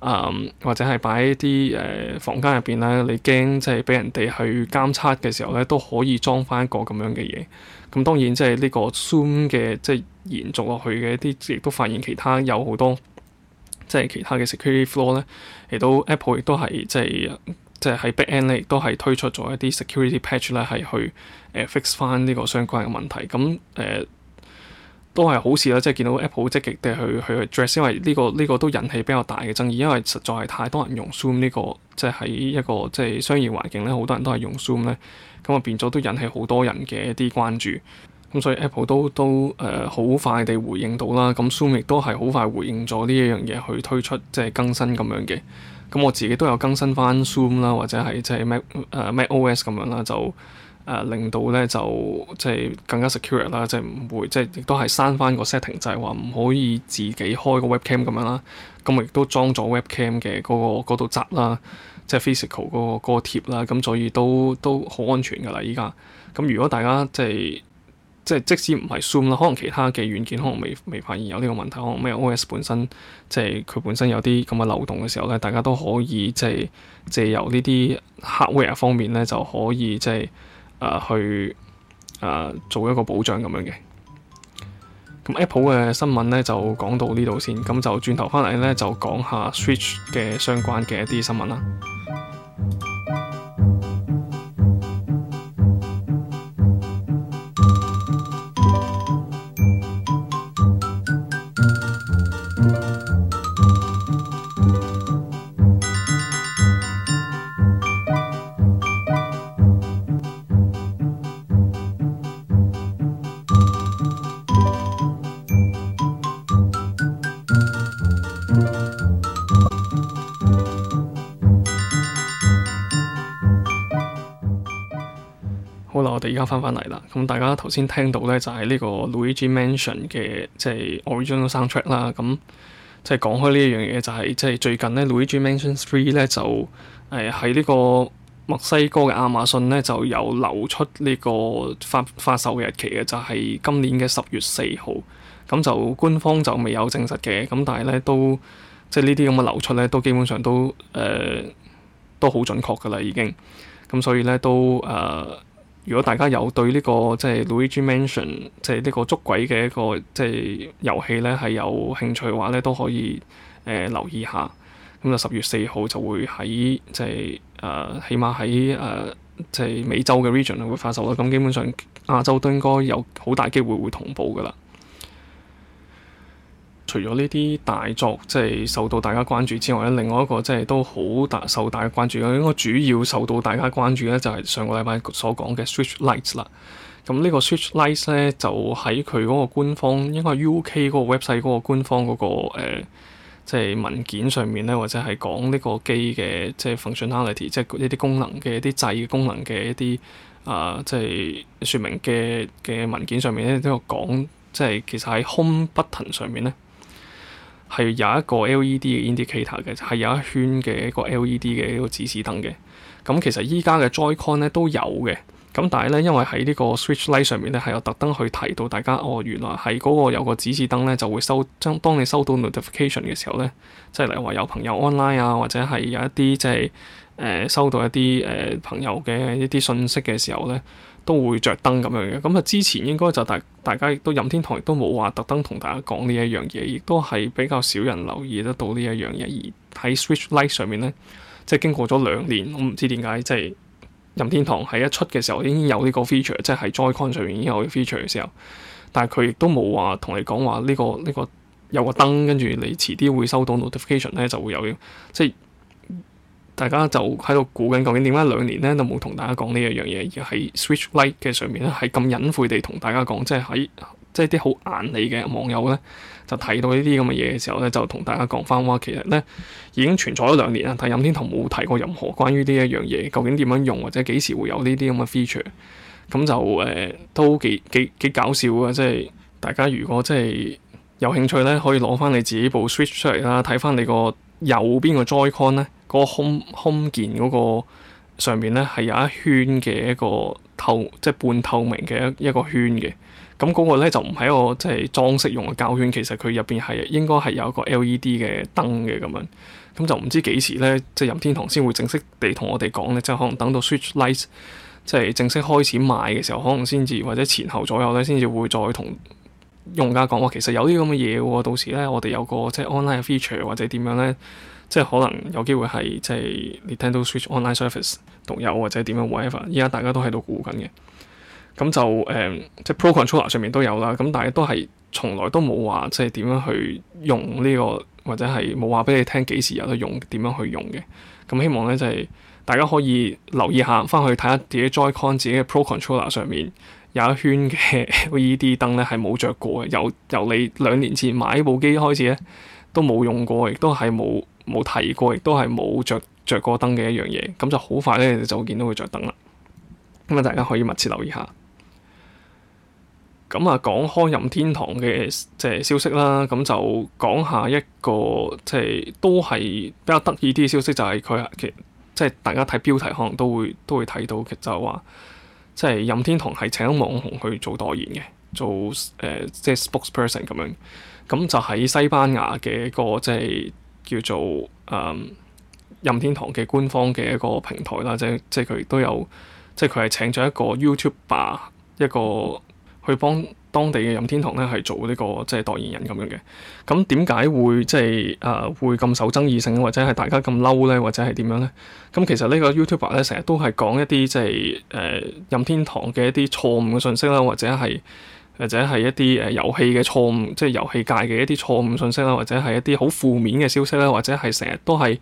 誒或者係擺一啲誒、呃、房間入邊咧，你驚即係俾人哋去監測嘅時候咧，都可以裝翻一個咁樣嘅嘢。咁當然即係呢個 Zoom 嘅即係延續落去嘅一啲，亦都發現其他有好多。即係其他嘅 security flaw 咧，亦 App 都 Apple 亦都係即係即係喺 back end 咧，都係推出咗一啲 security patch 咧，係去誒、呃、fix 翻呢個相關嘅問題。咁誒、呃、都係好事啦，即係見到 Apple 好積極地去去去 address，因為呢、這個呢、這個都引起比較大嘅爭議，因為實在係太多人用 Zoom 呢、這個，即係喺一個即係商業環境咧，好多人都係用 Zoom 咧，咁啊變咗都引起好多人嘅一啲關注。咁、嗯、所以 Apple 都都誒好、呃、快地回應到啦，咁 Zoom 亦都係好快回應咗呢一樣嘢去推出即係、就是、更新咁樣嘅。咁我自己都有更新翻 Zoom 啦，或者係即係 Mac 誒、呃、MacOS 咁樣、呃、就就啦，就誒令到咧就即係更加 secure 啦，即係唔會即係亦都係閂返個 setting 就係話唔可以自己開個 webcam 咁樣 we、那個、啦。咁我亦都裝咗 webcam 嘅嗰個嗰度閘啦，即係 physical 嗰個嗰個貼啦，咁所以都都好安全噶啦依家。咁如果大家即係，就是即係即使唔係 Zoom 啦，可能其他嘅軟件可能未未發現有呢個問題，可能咩 OS 本身即係佢本身有啲咁嘅漏洞嘅時候咧，大家都可以即係藉由呢啲 hardware 方面咧，就可以即係、呃、去、呃、做一個保障咁樣嘅。咁 Apple 嘅新聞咧就講到呢度先，咁就轉頭翻嚟咧就講下 Switch 嘅相關嘅一啲新聞啦。而家翻翻嚟啦，咁大家頭先聽到咧就係呢個 Luigi Mansion 嘅，即係 original soundtrack 啦，咁即係講開呢一樣嘢就係即係最近咧 Luigi Mansion Three 咧就誒喺呢個墨西哥嘅亞馬遜咧就有流出呢個發發售嘅日期嘅，就係今年嘅十月四號，咁就官方就未有證實嘅，咁但係咧都即係呢啲咁嘅流出咧都基本上都誒都好準確噶啦已經，咁所以咧都誒。如果大家有對呢、這個即係《就是、Luigi Mansion》即係呢個捉鬼嘅一個即係、就是、遊戲咧，係有興趣嘅話咧，都可以誒、呃、留意下。咁就十月四號就會喺即係誒，起碼喺誒即係美洲嘅 region 會發售啦。咁基本上亞洲都應該有好大機會會同步噶啦。除咗呢啲大作，即係受到大家關注之外咧，另外一個即係都好大受大家關注。應該主要受到大家關注咧、嗯呢個，就係上個禮拜所講嘅 Switch Lite 啦。咁呢個 Switch Lite 咧，就喺佢嗰個官方，應該係 UK 嗰個 website 嗰個官方嗰、嗰個即係、呃即係、文件上面咧，或者係講呢個機嘅即係 functionality，即係一啲功能嘅、即係、一啲掣功能嘅一啲啊，即係説明嘅嘅文件上面咧，都、呢個、講即係、即係、其實喺 home button 上面咧。係有一個 LED 嘅 indicator 嘅，係有一圈嘅一個 LED 嘅一個指示燈嘅。咁其實依家嘅 JoyCon 咧都有嘅。咁但係咧，因為喺呢個 Switch Lite 上面咧係有特登去提到大家哦，原來喺嗰個有個指示燈咧就會收將當你收到 notification 嘅時候咧，即係例如話有朋友 online 啊，或者係有一啲即係誒收到一啲誒、呃、朋友嘅一啲信息嘅時候咧。都會着燈咁樣嘅，咁、嗯、啊之前應該就大家大家亦都任天堂亦都冇話特登同大家講呢一樣嘢，亦都係比較少人留意得到呢一樣嘢。而喺 Switch Lite 上面呢，即係經過咗兩年，我唔知點解即係任天堂喺一出嘅時候已經有呢個 feature，即係 Joy Con 上面已經有 feature 嘅時候，但係佢亦都冇話同你講話呢個呢、這個有個燈，跟住你遲啲會收到 notification 呢，就會有嘅，所大家就喺度估緊究竟點解兩年咧都冇同大家講呢一樣嘢，而喺 Switch Lite 嘅上面咧，係咁隱晦地同大家講，即係喺即係啲好眼利嘅網友咧，就睇到呢啲咁嘅嘢嘅時候咧，就同大家講翻話，其實咧已經存在咗兩年啦，但任天堂冇提過任何關於呢一樣嘢，究竟點樣用或者幾時會有呢啲咁嘅 feature，咁就誒、呃、都幾幾幾搞笑啊！即係大家如果即係有興趣咧，可以攞翻你自己部 Switch 出嚟啦，睇翻你個。右邊 joy 呢、嗰個 joycon 咧，嗰個 Home Home 鍵嗰個上面咧係有一圈嘅一個透，即係半透明嘅一一個圈嘅。咁嗰個咧就唔係一個即係裝飾用嘅膠圈，其實佢入邊係應該係有一個 LED 嘅燈嘅咁樣。咁就唔知幾時咧，即係任天堂先會正式地同我哋講咧，即係可能等到 Switch Lite 即係正式開始賣嘅時候，可能先至或者前後左右咧先至會再同用家講，我其實有啲咁嘅嘢喎，到時咧我哋有個即係 online feature 或者點樣咧，即係可能有機會係即係你聽到 switch online service 獨有或者點樣 whatever，依家大家都喺度估緊嘅。咁就誒、嗯，即係 pro controller 上面都有啦，咁但係都係從來都冇話即係點樣去用呢、這個，或者係冇話俾你聽幾時有去用，點樣去用嘅。咁希望咧就係、是、大家可以留意下，翻去睇下自己 Joy-Con 自己嘅 pro controller 上面。有一圈嘅 LED 燈咧，係冇着過嘅。由由你兩年前買部機開始咧，都冇用過，亦都係冇冇提過，亦都係冇着著過燈嘅一樣嘢。咁就好快咧，你就見到佢着燈啦。咁啊，大家可以密切留意下。咁啊，講開任天堂嘅即係消息啦，咁就講下一個即係、就係、都係比較得意啲嘅消息，就係佢即係大家睇標題可能都會都會睇到嘅，就係話。即係任天堂係請咗網紅去做代言嘅，做誒、呃、即係 spokesperson 咁樣，咁就喺西班牙嘅一個即係叫做誒、嗯、任天堂嘅官方嘅一個平台啦，即即係佢都有，即係佢係請咗一個 YouTuber，一個去幫。當地嘅任天堂咧係做呢、呢個即係代言人咁樣嘅，咁點解會即係誒、呃、會咁受爭議性，或者係大家咁嬲咧，或者係點樣咧？咁其實個呢個 YouTuber 咧，成日都係講一啲即係誒、呃、任天堂嘅一啲錯誤嘅信息啦，或者係或者係一啲誒遊戲嘅錯誤，即係遊戲界嘅一啲錯誤信息啦，或者係一啲好負面嘅消息啦，或者係成日都係。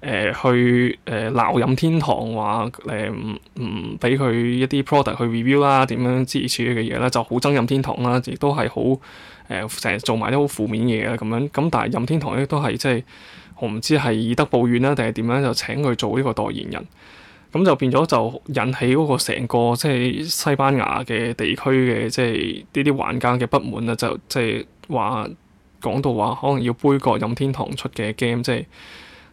誒、呃、去誒鬧、呃、任天堂話誒唔唔俾佢一啲 product 去 review 啦點樣支持之類嘅嘢啦，就好憎任天堂啦，亦都係好誒成日做埋啲好負面嘢啦咁樣。咁但係任天堂咧都係即係我唔知係以德報怨啦定係點樣就請佢做呢個代言人。咁就變咗就引起嗰個成個即係西班牙嘅地區嘅即係呢啲玩家嘅不滿啦，就即係話講到話可能要杯葛任天堂出嘅 game 即係。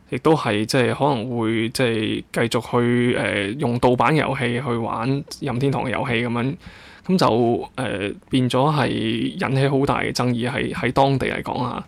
亦都係即係可能會即係繼續去誒、呃、用盜版遊戲去玩任天堂嘅遊戲咁樣，咁就誒、呃、變咗係引起好大嘅爭議喺喺當地嚟講啊。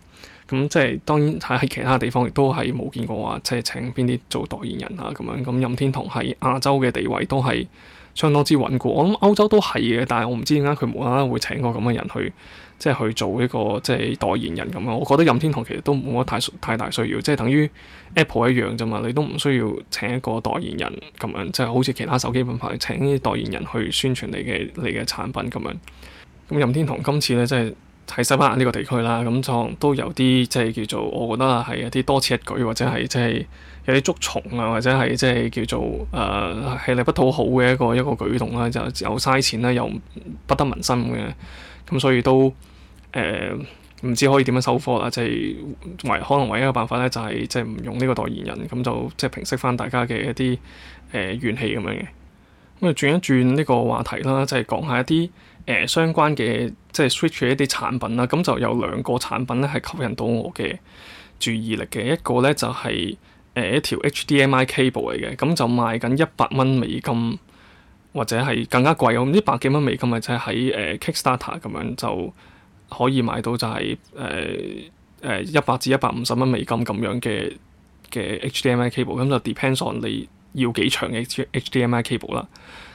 咁即係當然喺其他地方亦都係冇見過話即係請邊啲做代言人啊咁樣。咁任天堂喺亞洲嘅地位都係相當之穩固，我諗歐洲都係嘅，但係我唔知點解佢無啦啦會請個咁嘅人去，即係去做一個即係代言人咁樣。我覺得任天堂其實都冇乜太太大需要，即係等於 Apple 一樣啫嘛，你都唔需要請一個代言人咁樣，即係好似其他手機品牌請啲代言人去宣傳你嘅你嘅產品咁樣。咁任天堂今次咧，即係。喺西班牙呢個地區啦，咁就都有啲即係叫做我覺得係一啲多此一舉，或者係即係有啲捉蟲啊，或者係即係叫做誒、呃、氣力不討好嘅一個一個舉動啦，就又嘥錢啦，又不得民心嘅，咁所以都誒唔、呃、知可以點樣收貨啦，即、就、係、是、唯可能唯、唯、唯一嘅辦法咧、就是，就係即係唔用呢個代言人，咁就即係、就是、平息翻大家嘅一啲誒、呃、怨氣咁樣嘅。咁啊轉一轉呢個話題啦，即係講下一啲。誒相關嘅即係 Switch 嘅一啲產品啦，咁就有兩個產品咧係吸引到我嘅注意力嘅，一個咧就係、是、誒、呃、一條 HDMI cable 嚟嘅，咁就賣緊一百蚊美金或者係更加貴，我唔知百幾蚊美金咪就係喺誒 Kickstarter 咁樣就可以買到就係誒誒一百至一百五十蚊美金咁樣嘅嘅 HDMI cable，咁就 depends on 你要幾長嘅 HDMI cable 啦。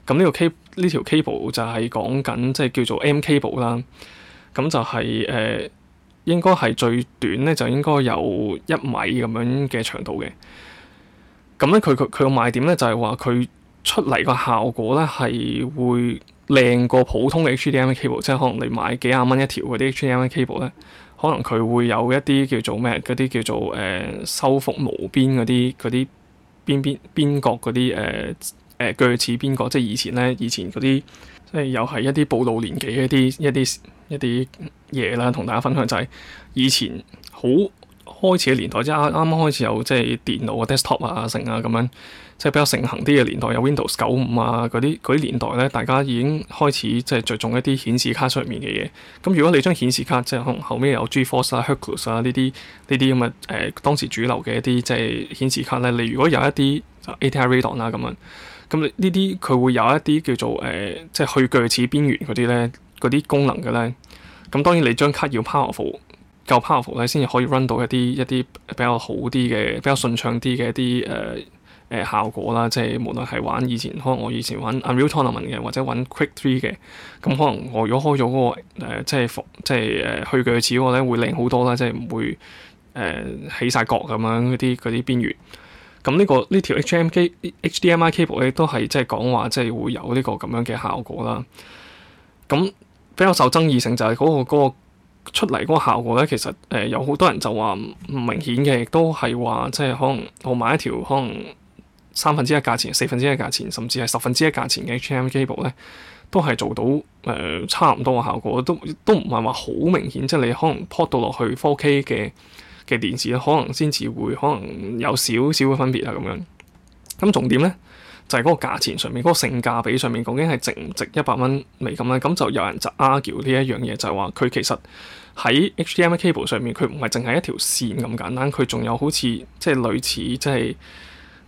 咁呢個 c 呢條 cable 就係講緊即係叫做 M cable 啦。咁就係、是、誒、呃、應該係最短咧，就應該有一米咁樣嘅長度嘅。咁咧佢佢佢個賣點咧就係話佢出嚟個效果咧係會靚過普通嘅 HDMI cable，即係可能你買幾廿蚊一條嗰啲 HDMI cable 咧，可能佢會有一啲叫做咩嗰啲叫做誒、呃、修復無邊嗰啲嗰啲邊邊邊角嗰啲誒。呃誒，類、呃、似邊個？即係以前咧，以前嗰啲即係又係一啲暴露年紀嘅一啲一啲一啲嘢啦，同大家分享就係以前好開始嘅年代，即係啱啱開始有即係電腦啊、desktop 啊成啊咁樣，即係比較盛行啲嘅年代，有 Windows 九五啊嗰啲嗰啲年代咧，大家已經開始即係着重一啲顯示卡上面嘅嘢。咁如果你將顯示卡即係可能後尾有 GeForce 啊、Hercules 啊呢啲呢啲咁嘅誒當時主流嘅一啲即係顯示卡咧，你如果有一啲、就是、ATI Radeon 啦、啊、咁樣。咁你呢啲佢會有一啲叫做誒、呃，即係去鋸齒邊緣嗰啲咧，啲功能嘅咧。咁當然你張卡要 powerful 夠 powerful 咧，先至可以 run 到一啲一啲比較好啲嘅、比較順暢啲嘅一啲誒誒效果啦。即係無論係玩以前可能我以前玩 Unreal Tournament 嘅，或者玩 Quake Three 嘅，咁、嗯、可能我如果開咗嗰、那個、呃、即係服即係誒去鋸齒嗰個咧，會靚好多啦，即係唔會誒、呃、起晒角咁樣嗰啲啲邊緣。咁呢、呢個呢條 HDMI cable 咧，都係即係講話即係會有呢個咁樣嘅效果啦。咁比較受爭議性就係嗰、嗰個嗰個出嚟嗰個效果咧，其實誒、呃、有好多人就話唔明顯嘅，亦都係話即係可能我買一條可能三分之一價錢、四分之一價錢，甚至係十分之一價錢嘅 HDMI cable 咧，都係做到誒、呃、差唔多個效果，都都唔係話好明顯，即係你可能 port 到落去 four k 嘅嘅電視咧，可能先至會可能有少少嘅分別啊咁樣。咁重點咧就係、是、嗰個價錢上面，嗰、那個性價比上面，究竟係值唔值一百蚊美金咁咧？咁就有人就 argue、er、呢一樣嘢，就係話佢其實喺 HDMI cable 上面，佢唔係淨係一條線咁簡單，佢仲有好似即係類似即係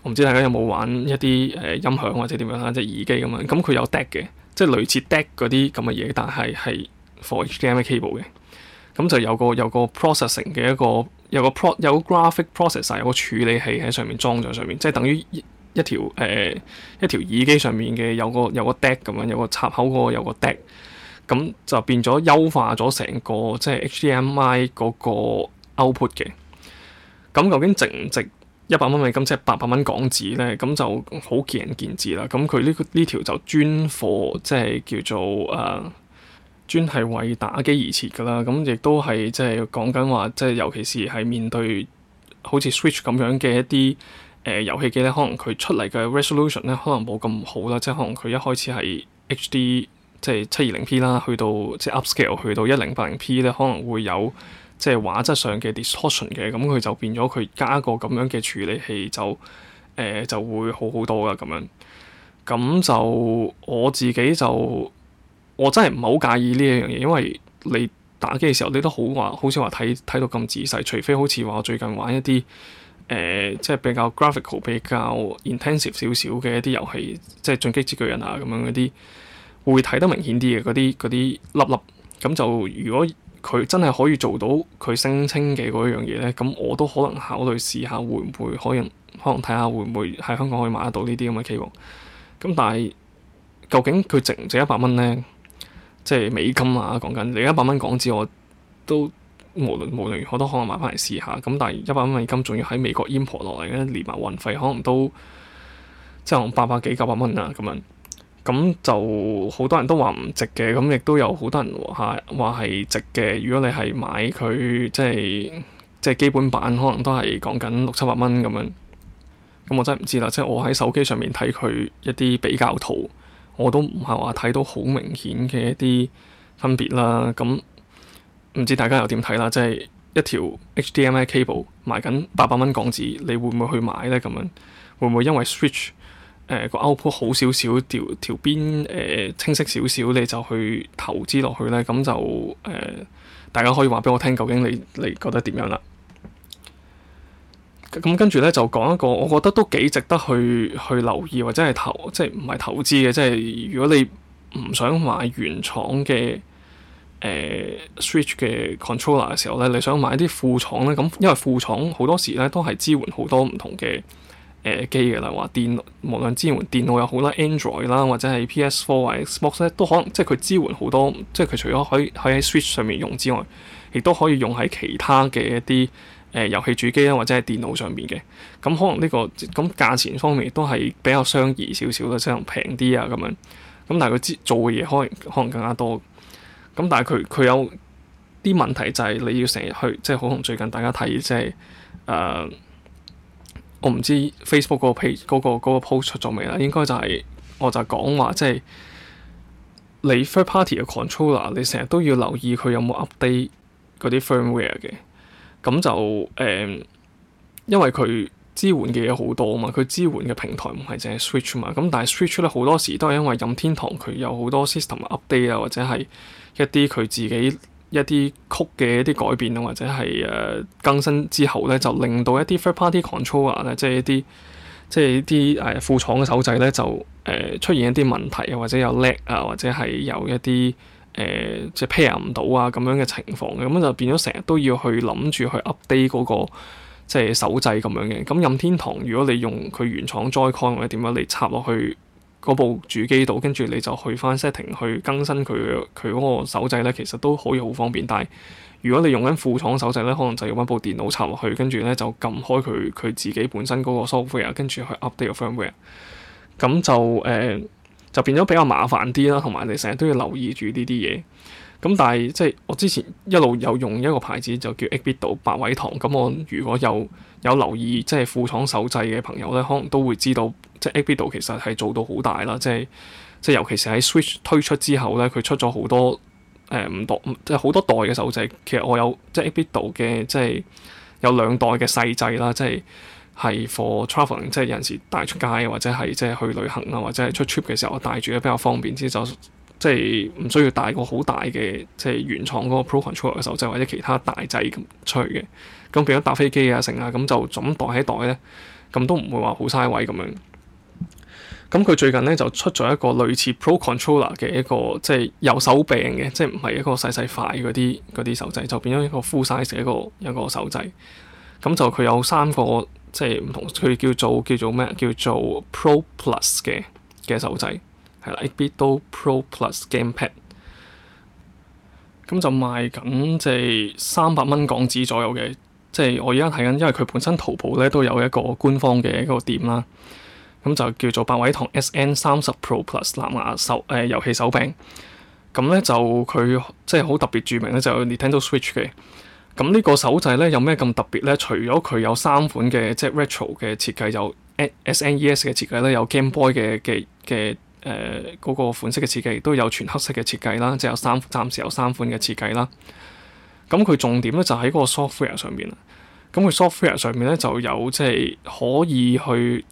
我唔知大家有冇玩一啲誒、呃、音響或者點樣啦，即係耳機咁啊。咁佢有 DAC 嘅，即係類似 DAC 嗰啲咁嘅嘢，但係係 for HDMI cable 嘅。咁就有個有個 processing 嘅一個。有個 pro 有個 graphic processor 有個處理器喺上面裝咗上面，即係等於一條誒、呃、一條耳機上面嘅有個有個 DAC 咁樣，有個插口嗰、嗰個有個 DAC 咁就變咗優化咗成個即係 HDMI 嗰個 output 嘅。咁究竟值唔值一百蚊美金即係八百蚊港紙咧？咁就好見仁見智啦。咁佢呢呢條就專貨，即係叫做誒。Uh, 專係為打機而設㗎啦，咁亦都係即係講緊話，即係尤其是係面對好似 Switch 咁樣嘅一啲誒、呃、遊戲機咧，可能佢出嚟嘅 resolution 咧，可能冇咁好啦，即係可能佢一開始係 HD，即係七二零 P 啦，去到即係 upscale 去到一零八零 P 咧，可能會有即係畫質上嘅 distortion 嘅，咁佢就變咗佢加個咁樣嘅處理器就誒、呃、就會好好多啦咁樣，咁就我自己就。我真係唔係好介意呢一樣嘢，因為你打機嘅時候，你都好話，好少話睇睇到咁仔細。除非好似話最近玩一啲誒、呃，即係比較 graphical、比較 intensive 少少嘅一啲遊戲，即係進擊之巨人啊咁樣嗰啲，會睇得明顯啲嘅嗰啲啲粒粒咁。就如果佢真係可以做到佢聲稱嘅嗰樣嘢咧，咁我都可能考慮試下，會唔會可能可能睇下會唔會喺香港可以買得到呢啲咁嘅機王。咁但係究竟佢值唔值一百蚊咧？即係美金啊，講緊你一百蚊港紙，我都無論無論如何我都可能買翻嚟試下。咁但係一百蚊美金仲要喺美國煙婆落嚟咧，連埋運費可能都即係八百幾九百蚊啊咁樣。咁就好多人都話唔值嘅，咁亦都有好多人話話係值嘅。如果你係買佢即係即係基本版，可能都係講緊六七百蚊咁樣。咁我真係唔知啦，即係我喺手機上面睇佢一啲比較圖。我都唔係話睇到好明顯嘅一啲分別啦，咁、嗯、唔知大家又點睇啦？即係一條 HDMI cable 賣緊八百蚊港紙，你會唔會去買咧？咁樣會唔會因為 Switch 誒、呃、個 output 好少少條條邊誒、呃、清晰少少，你就去投資落去咧？咁、嗯、就誒、呃、大家可以話俾我聽，究竟你你覺得點樣啦？咁跟住咧就講一個，我覺得都幾值得去去留意或者係投，即係唔係投資嘅，即係如果你唔想買原廠嘅誒 Switch 嘅 Controller 嘅時候咧，你想買啲副廠咧，咁因為副廠好多時咧都係支援好多唔同嘅誒機嘅啦，話、呃、電無論支援電腦又好啦，Android 啦或者係 PS Four 或 Xbox 咧，都可能即係佢支援好多，即係佢除咗可以喺 Switch 上面用之外，亦都可以用喺其他嘅一啲。誒遊戲主機啊，或者係電腦上面嘅，咁可能呢個咁價錢方面都係比較相宜少少嘅，可能平啲啊咁樣。咁但係佢做嘅嘢可能可能更加多。咁但係佢佢有啲問題就係你要成日去，即係可能最近大家睇即係誒，就是 uh, 我唔知 Facebook 嗰 page 嗰個嗰個 post 出咗未啦？應該就係我就講話即係你 third party 嘅 controller，你成日都要留意佢有冇 update 嗰啲 firmware 嘅。咁就誒、嗯，因為佢支援嘅嘢好多啊嘛，佢支援嘅平台唔係淨係 Switch 嘛，咁但係 Switch 咧好多時都係因為任天堂佢有好多 system update 啊，或者係一啲佢自己一啲 code 嘅一啲改變啊，或者係誒、呃、更新之後咧，就令到一啲 third party controller 咧，即、就、係、是、一啲即係一啲誒副廠嘅手掣咧，就誒、呃、出現一啲問題啊，或者有 lag 啊，或者係有一啲。誒、呃、即係 pair 唔到啊咁樣嘅情況，咁就變咗成日都要去諗住去 update 嗰、那個即係手掣咁樣嘅。咁任天堂如果你用佢原廠再 con 或者點樣，你插落去嗰部主機度，跟住你就去翻 setting 去更新佢佢嗰個手掣咧，其實都可以好方便。但係如果你用緊副廠手掣咧，可能就要揾部電腦插落去，跟住咧就撳開佢佢自己本身嗰個 software，跟住去 update 個 firmware。咁就誒。就變咗比較麻煩啲啦，同埋你成日都要留意住呢啲嘢。咁但係即係我之前一路有用一個牌子就叫 8BitDo、e、八位堂。咁我如果有有留意即係、就是、副廠手掣嘅朋友咧，可能都會知道即係 8BitDo 其實係做到好大啦。即係即係尤其是喺 Switch 推出之後咧，佢出咗好多誒唔代即係好多代嘅手掣。其實我有即係 8BitDo 嘅即係有兩代嘅細製啦，即、就、係、是。係 for travelling，即係有陣時帶出街，或者係即係去旅行啊，或者係出 trip 嘅時候帶住比較方便啲。就即係唔需要帶個好大嘅即係原廠嗰個 Pro Controller 嘅手掣或者其他大掣咁出去嘅。咁變咗搭飛機啊成啊，咁就咁袋喺袋咧，咁都唔會話好嘥位咁樣。咁佢最近咧就出咗一個類似 Pro Controller 嘅一個即係有手柄嘅，即係唔係一個細細塊嗰啲嗰啲手掣，就變咗一個 full size 一個一個手掣。咁就佢有三個。即係唔同，佢叫做叫做咩？叫做 Pro Plus 嘅嘅手仔，係啦，X B 都 Pro Plus Game Pad。咁就賣緊即係三百蚊港紙左右嘅，即係我而家睇緊，因為佢本身淘寶咧都有一個官方嘅一個店啦。咁就叫做八位堂 S N 三十 Pro Plus 藍牙手誒、呃、遊戲手柄。咁咧就佢即係好特別著名咧，就有 Nintendo Switch 嘅。咁呢個手掣咧有咩咁特別咧？除咗佢有三款嘅即係 retro 嘅設計，有 SNES 嘅設計咧，有 Game Boy 嘅嘅嘅誒嗰個款式嘅設計，亦都有全黑色嘅設計啦，即係有三，暫時有三款嘅設計啦。咁佢重點咧就喺嗰個 software 上面啦。咁佢 software 上面咧就有即係可以去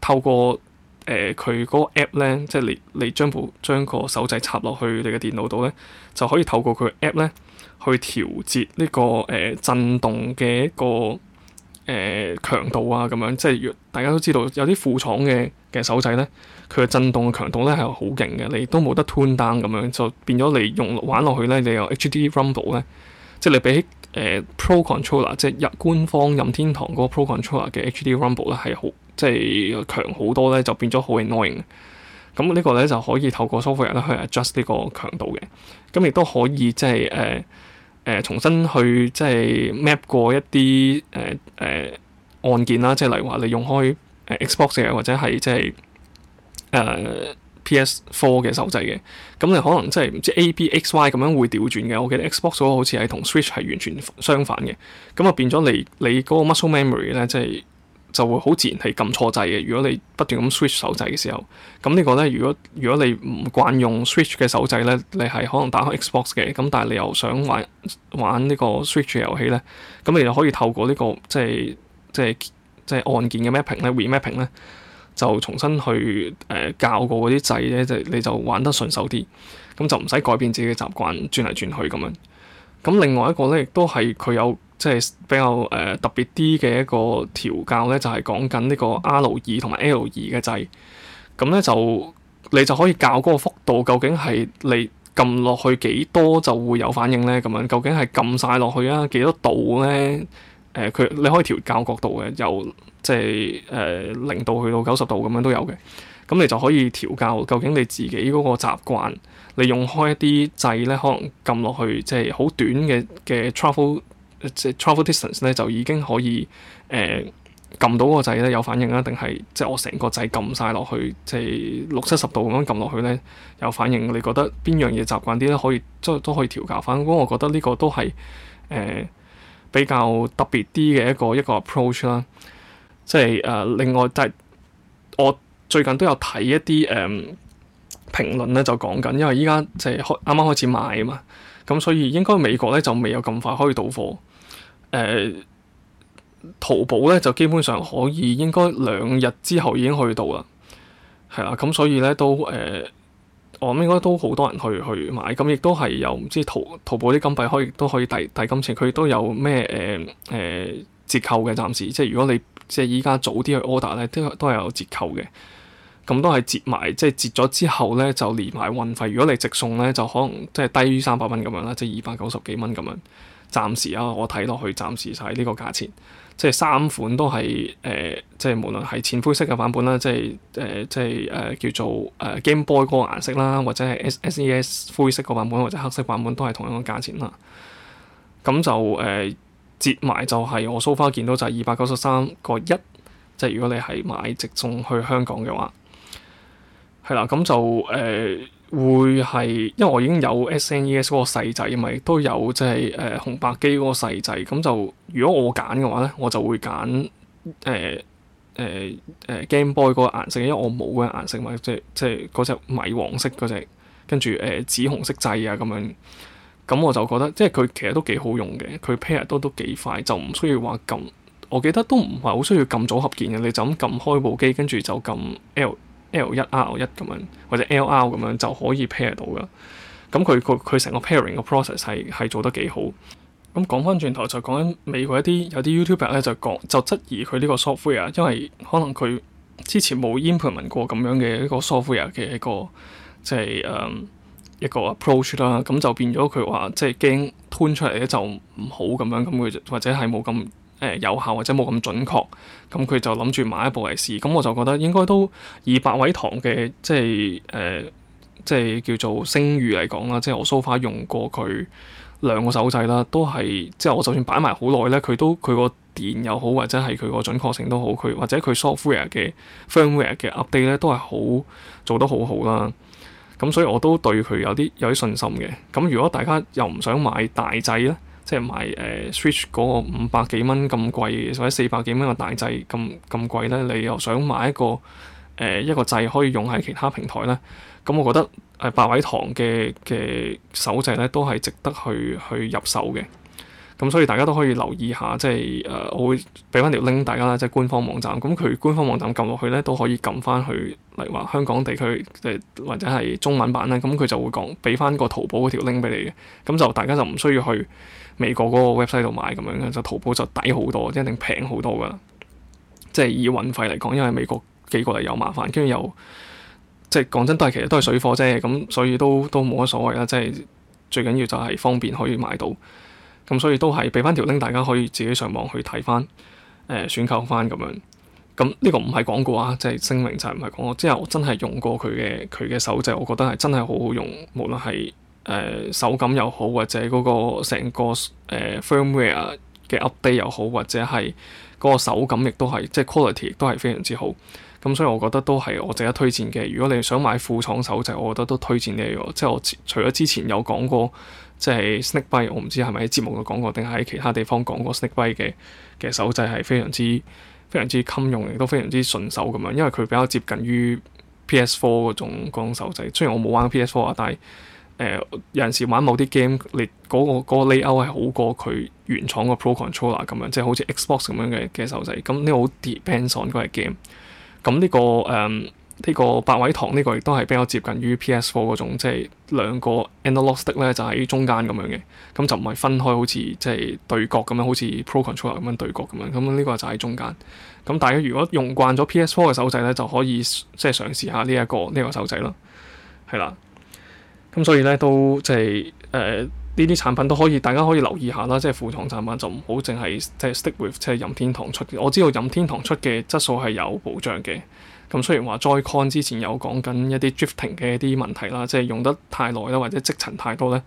透過誒佢嗰個 app 咧，即係你你將部將個手掣插落去你嘅電腦度咧，就可以透過佢 app 咧。去調節呢、這個誒振、呃、動嘅一個誒、呃、強度啊，咁樣即係，大家都知道有啲副廠嘅嘅手仔咧，佢嘅震動嘅強度咧係好勁嘅，你都冇得 turn down 咁樣，就變咗你用玩落去咧，你有 HD Rumble 咧，即係你比起誒、呃、Pro Controller 即係入官方任天堂嗰個 Pro Controller 嘅 HD Rumble 咧係好即係強好多咧，就變咗好 annoying。咁呢個咧就可以透過 software 去 adjust 呢個強度嘅，咁亦都可以即係誒。呃誒、呃、重新去即係 map 過一啲誒誒按鍵啦，即係例如話你用開誒 Xbox 嘅，或者係即係誒、呃、PS4 嘅手掣嘅，咁你可能即係唔知 A B X Y 咁樣會調轉嘅。我記得 Xbox 嗰個好似係同 Switch 係完全相反嘅，咁啊變咗你你嗰個 muscle memory 咧，即係。就會好自然係撳錯掣嘅。如果你不斷咁 switch 手掣嘅時候，咁呢個咧，如果如果你唔慣用 switch 嘅手掣咧，你係可能打開 Xbox 嘅，咁但係你又想玩玩個呢個 switch 嘅遊戲咧，咁你就可以透過、這個、呢個即係即係即係按鍵嘅 mapping 咧，re-mapping 咧，就重新去誒、呃、教過嗰啲掣咧，就你就玩得順手啲，咁就唔使改變自己嘅習慣轉嚟轉去咁樣。咁另外一個咧，亦都係佢有。即係比較誒特別啲嘅一個調校咧，就係、是、講緊呢個 R2 同埋 L2 嘅掣，咁咧就你就可以校嗰個幅度，究竟係你撳落去幾多就會有反應咧？咁樣究竟係撳晒落去啊幾多度咧？誒、呃、佢你可以調校角度嘅，由即係誒零度去到九十度咁樣都有嘅。咁你就可以調校究竟你自己嗰個習慣，你用開一啲掣咧，可能撳落去即係好短嘅嘅 travel 即係 travel distance 咧，就已經可以誒撳、呃、到個掣咧有反應啦。定係即係我成個掣撳晒落去，即係六七十度咁樣撳落去咧有反應。你覺得邊樣嘢習慣啲咧？可以即都，都可以調教。反正我覺得呢個都係誒、呃、比較特別啲嘅一個一個 approach 啦。即係誒、呃，另外就係、是、我最近都有睇一啲誒評論咧，就講緊因為依家即係開啱啱開始賣啊嘛，咁所以應該美國咧就未有咁快可以到貨。誒、uh, 淘寶咧就基本上可以應該兩日之後已經去到啦，係啦，咁所以咧都誒，uh, 我諗應該都好多人去去買，咁亦都係有唔知淘淘寶啲金幣可以都可以抵抵金錢，佢亦都有咩誒誒折扣嘅？暫時即係如果你即係依家早啲去 order 咧，都都係有折扣嘅。咁都係折埋，即係折咗之後咧就連埋運費。如果你直送咧，就可能即係低於三百蚊咁樣啦，即係二百九十幾蚊咁樣。暫時啊，我睇落去暫時就係呢個價錢，即係三款都係誒、呃，即係無論係淺灰色嘅版本啦，即係誒、呃，即係誒、呃、叫做誒、呃、Game Boy 嗰個顏色啦，或者係 SNES 灰色個版本或者黑色版本都係同樣嘅價錢啦。咁就誒折埋就係、是、我 so far 見到就係二百九十三個一，即係如果你係買直送去香港嘅話，係啦，咁就誒。呃會係，因為我已經有 SNES 嗰個細掣，咪都有即係誒紅白機嗰個細掣。咁就如果我揀嘅話咧，我就會揀誒誒誒 Game Boy 嗰個顏色，因為我冇嗰個顏色嘛，即即係嗰隻米黃色嗰隻，跟住誒紫紅色掣啊咁樣，咁我就覺得即係佢其實都幾好用嘅，佢 pair 都都幾快，就唔需要話撳，我記得都唔係好需要撳組合鍵嘅，你就咁撳開部機，跟住就撳 L。1 L 一 R 一，咁樣，或者 L R 咁樣就可以 pair 到噶。咁佢佢佢成個 pairing 個 process 係，係做得幾好。咁講翻轉頭就講緊美國一啲有啲 YouTuber 咧就講就質疑佢呢個 software，因為可能佢之前冇 implement 過咁樣嘅一個 software 嘅一個即係誒一個 approach 啦。咁就變咗佢話即係驚 tune 出嚟咧就唔好咁樣，咁佢或者係冇咁。誒有效或者冇咁準確，咁佢就諗住買一部嚟試。咁我就覺得應該都以百位堂嘅，即係誒、呃，即係叫做聲譽嚟講啦。即係我 sofa 用過佢兩個手掣啦，都係即係我就算擺埋好耐咧，佢都佢個電又好，或者係佢個準確性都好，佢或者佢 software 嘅 firmware 嘅 update 咧都係好做得好好啦。咁所以我都對佢有啲有啲信心嘅。咁如果大家又唔想買大掣咧？即係買誒 Switch 嗰個五百幾蚊咁貴，或者四百幾蚊個大掣咁咁貴咧，你又想買一個誒、呃、一個掣可以用喺其他平台咧？咁我覺得誒八位堂嘅嘅手掣咧都係值得去去入手嘅。咁所以大家都可以留意下，即係誒，我會俾翻條 link 大家啦，即係官方網站。咁佢官方網站撳落去咧，都可以撳翻去例如話香港地區即係或者係中文版咧。咁佢就會講俾翻個淘寶嗰條 link 俾你嘅。咁就大家就唔需要去美國嗰個 website 度買咁樣嘅，就淘寶就抵好多，一定平好多噶。即係以運費嚟講，因為美國寄過嚟又麻煩，跟住又即係講真，都係其實都係水貨啫。咁所以都都冇乜所謂啦。即係最緊要就係方便可以買到。咁所以都係俾翻條 link，大家可以自己上網去睇翻，誒、呃、選購翻咁樣。咁呢個唔係廣告啊，即係聲明就係唔係廣告。之後我真係用過佢嘅佢嘅手掣，就我覺得係真係好好用，無論係。誒、呃、手感又好，或者嗰個成個誒、呃、firmware 嘅 update 又好，或者係嗰個手感亦都係，即係 quality 亦都係非常之好。咁所以，我覺得都係我值得推薦嘅。如果你想買副廠手掣，我覺得都推薦你。即係我除咗之前有講過，即係 Snake 威，我唔知係咪喺節目度講過，定係喺其他地方講過 Snake 威嘅嘅手掣係非常之非常之襟用，亦都非常之順手咁樣。因為佢比較接近於 P.S. Four 嗰種嗰種手掣。雖然我冇玩 P.S. Four 啊，但係。誒、呃、有陣時玩某啲 game，你嗰、嗰個嗰個 layout 係好過佢原廠個 Pro Controller 咁樣，即係好似 Xbox 咁樣嘅嘅手掣。咁呢個好 depends on 嗰、嗰個 game。咁呢個誒呢個八位堂呢個亦都係比較接近於 PS4 嗰種，即係兩個 analogue stick 咧就喺、是、中間咁樣嘅。咁就唔係分開好，好似即係對角咁樣，好似 Pro Controller 咁樣對角咁樣。咁呢個就喺中間。咁大家如果用慣咗 PS4 嘅手掣咧，就可以即係嘗試下呢、呢、一個呢、呢個手掣咯。係啦。咁所以咧都即係誒呢啲產品都可以，大家可以留意下啦，即係副廠產品就唔好淨係即係 stick with 即係任天堂出嘅。我知道任天堂出嘅質素係有保障嘅。咁雖然話 JoyCon 之前有講緊一啲 drifting 嘅一啲問題啦，即係用得太耐啦，或者積塵太多咧，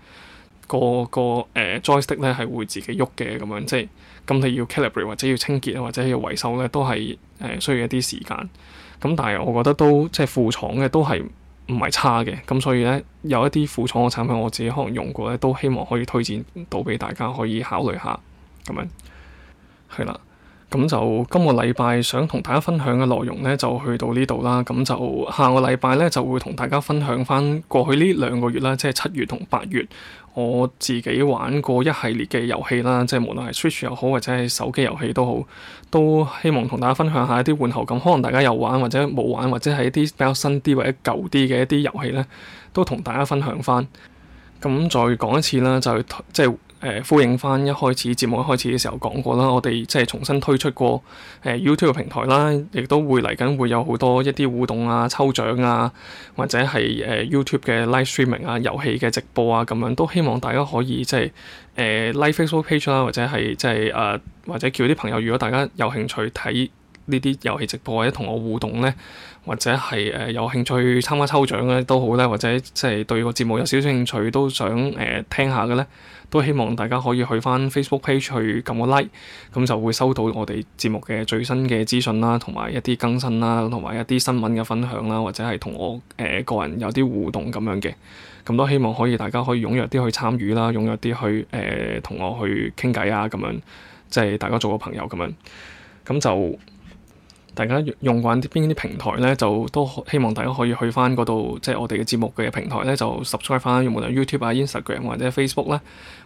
個個誒、呃、joystick 咧係會自己喐嘅咁樣，即係咁你要 calibrate 或者要清潔或者要維修咧都係誒、呃、需要一啲時間。咁但係我覺得都即係副廠嘅都係。唔係差嘅，咁所以呢，有一啲副廠嘅產品，我自己可能用過呢都希望可以推薦到俾大家可以考慮下，咁樣係啦。咁就今個禮拜想同大家分享嘅內容呢，就去到呢度啦。咁就下個禮拜呢，就會同大家分享返過去呢兩個月啦，即係七月同八月。我自己玩過一系列嘅遊戲啦，即係無論係 Switch 又好，或者係手機遊戲都好，都希望同大家分享下一啲玩後感。可能大家有玩或者冇玩，或者係一啲比較新啲或者舊啲嘅一啲遊戲咧，都同大家分享翻。咁再講一次啦，就係、即係。誒、呃、呼應翻一開始節目一開始嘅時候講過啦，我哋即係重新推出過誒、呃、YouTube 平台啦，亦都會嚟緊會有好多一啲互動啊、抽獎啊，或者係誒、呃、YouTube 嘅 live streaming 啊、遊戲嘅直播啊咁樣，都希望大家可以即係、就、誒、呃、like Facebook page 啦，或者係即係誒或者叫啲朋友，如果大家有興趣睇，呢啲遊戲直播或者同我互動呢，或者係誒、呃、有興趣參加抽獎呢都好啦，或者即係對個節目有少少興趣都想誒、呃、聽下嘅呢，都希望大家可以去翻 Facebook page 去撳個 like，咁就會收到我哋節目嘅最新嘅資訊啦，同埋一啲更新啦，同埋一啲新聞嘅分享啦，或者係同我誒、呃、個人有啲互動咁樣嘅，咁都希望可以大家可以踴躍啲去參與啦，踴躍啲去誒同、呃、我去傾偈啊，咁樣即係大家做個朋友咁樣，咁就。大家用用慣啲邊啲平台咧，就都希望大家可以去翻嗰度，即係我哋嘅節目嘅平台咧，就 subscribe 翻，無論 YouTube 啊、Instagram 或者 Facebook 咧，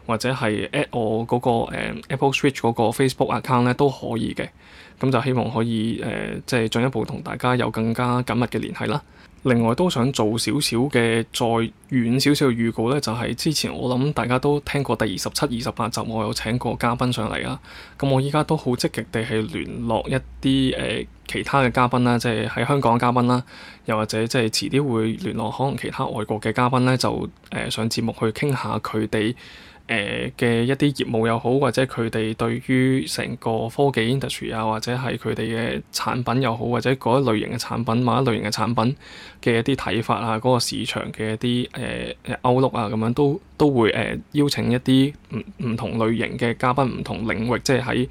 或者係 at 我嗰、嗰個、uh, Apple Switch 嗰個 Facebook account 咧都可以嘅。咁就希望可以誒，uh, 即係進一步同大家有更加緊密嘅聯繫啦。另外都想做少少嘅再遠少少嘅預告呢，就係、是、之前我諗大家都聽過第二十七、二十八集，我有請過嘉賓上嚟啊。咁我而家都好積極地係聯絡一啲誒、呃、其他嘅嘉賓啦，即係喺香港嘅嘉賓啦，又或者即係遲啲會聯絡可能其他外國嘅嘉賓呢，就誒、呃、上節目去傾下佢哋。誒嘅、呃、一啲業務又好，或者佢哋對於成個科技 industry 啊，或者係佢哋嘅產品又好，或者嗰一類型嘅產品，某一類型嘅產品嘅一啲睇法啊，嗰、嗰個市場嘅一啲誒誒 outlook 啊，咁樣都都會誒、呃、邀請一啲唔唔同類型嘅嘉賓，唔同領域，即係喺。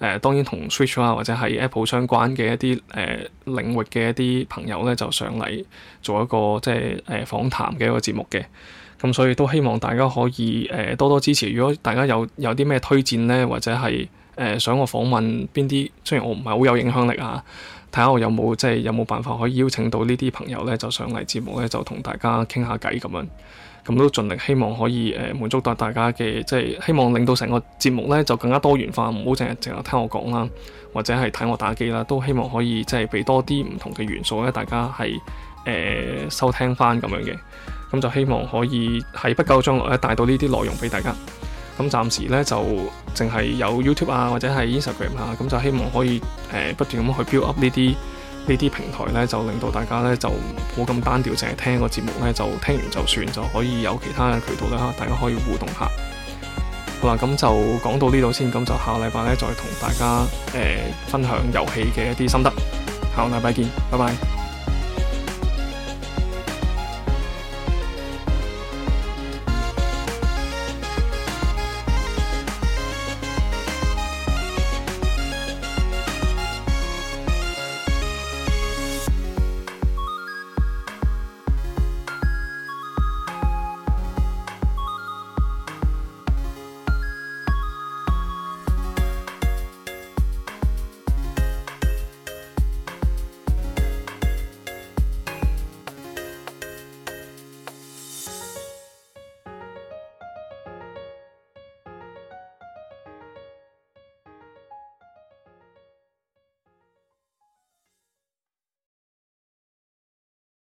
誒、呃、當然同 Switch 啊或者係 Apple 相關嘅一啲誒、呃、領域嘅一啲朋友咧，就上嚟做一個即係誒、呃、訪談嘅一個節目嘅，咁所以都希望大家可以誒、呃、多多支持。如果大家有有啲咩推薦咧，或者係誒、呃、想我訪問邊啲，雖然我唔係好有影響力啊，睇下我有冇即係有冇辦法可以邀請到呢啲朋友咧，就上嚟節目咧，就同大家傾下偈咁樣。咁都盡力，希望可以誒、呃、滿足到大家嘅，即係希望令到成個節目咧就更加多元化，唔好淨係淨係聽我講啦，或者係睇我打機啦，都希望可以即係俾多啲唔同嘅元素咧，大家係誒、呃、收聽翻咁樣嘅。咁就希望可以喺不久將來咧帶到呢啲內容俾大家。咁暫時咧就淨係有 YouTube 啊，或者係 Instagram 啊，咁就希望可以誒、呃、不斷咁去 build up 呢啲。呢啲平台咧就令到大家咧就冇咁單調，淨係聽個節目咧就聽完就算，就可以有其他嘅渠道啦。大家可以互動下。好啦，咁就講到呢度先，咁就下個禮拜咧再同大家誒、呃、分享遊戲嘅一啲心得。下個禮拜見，拜拜。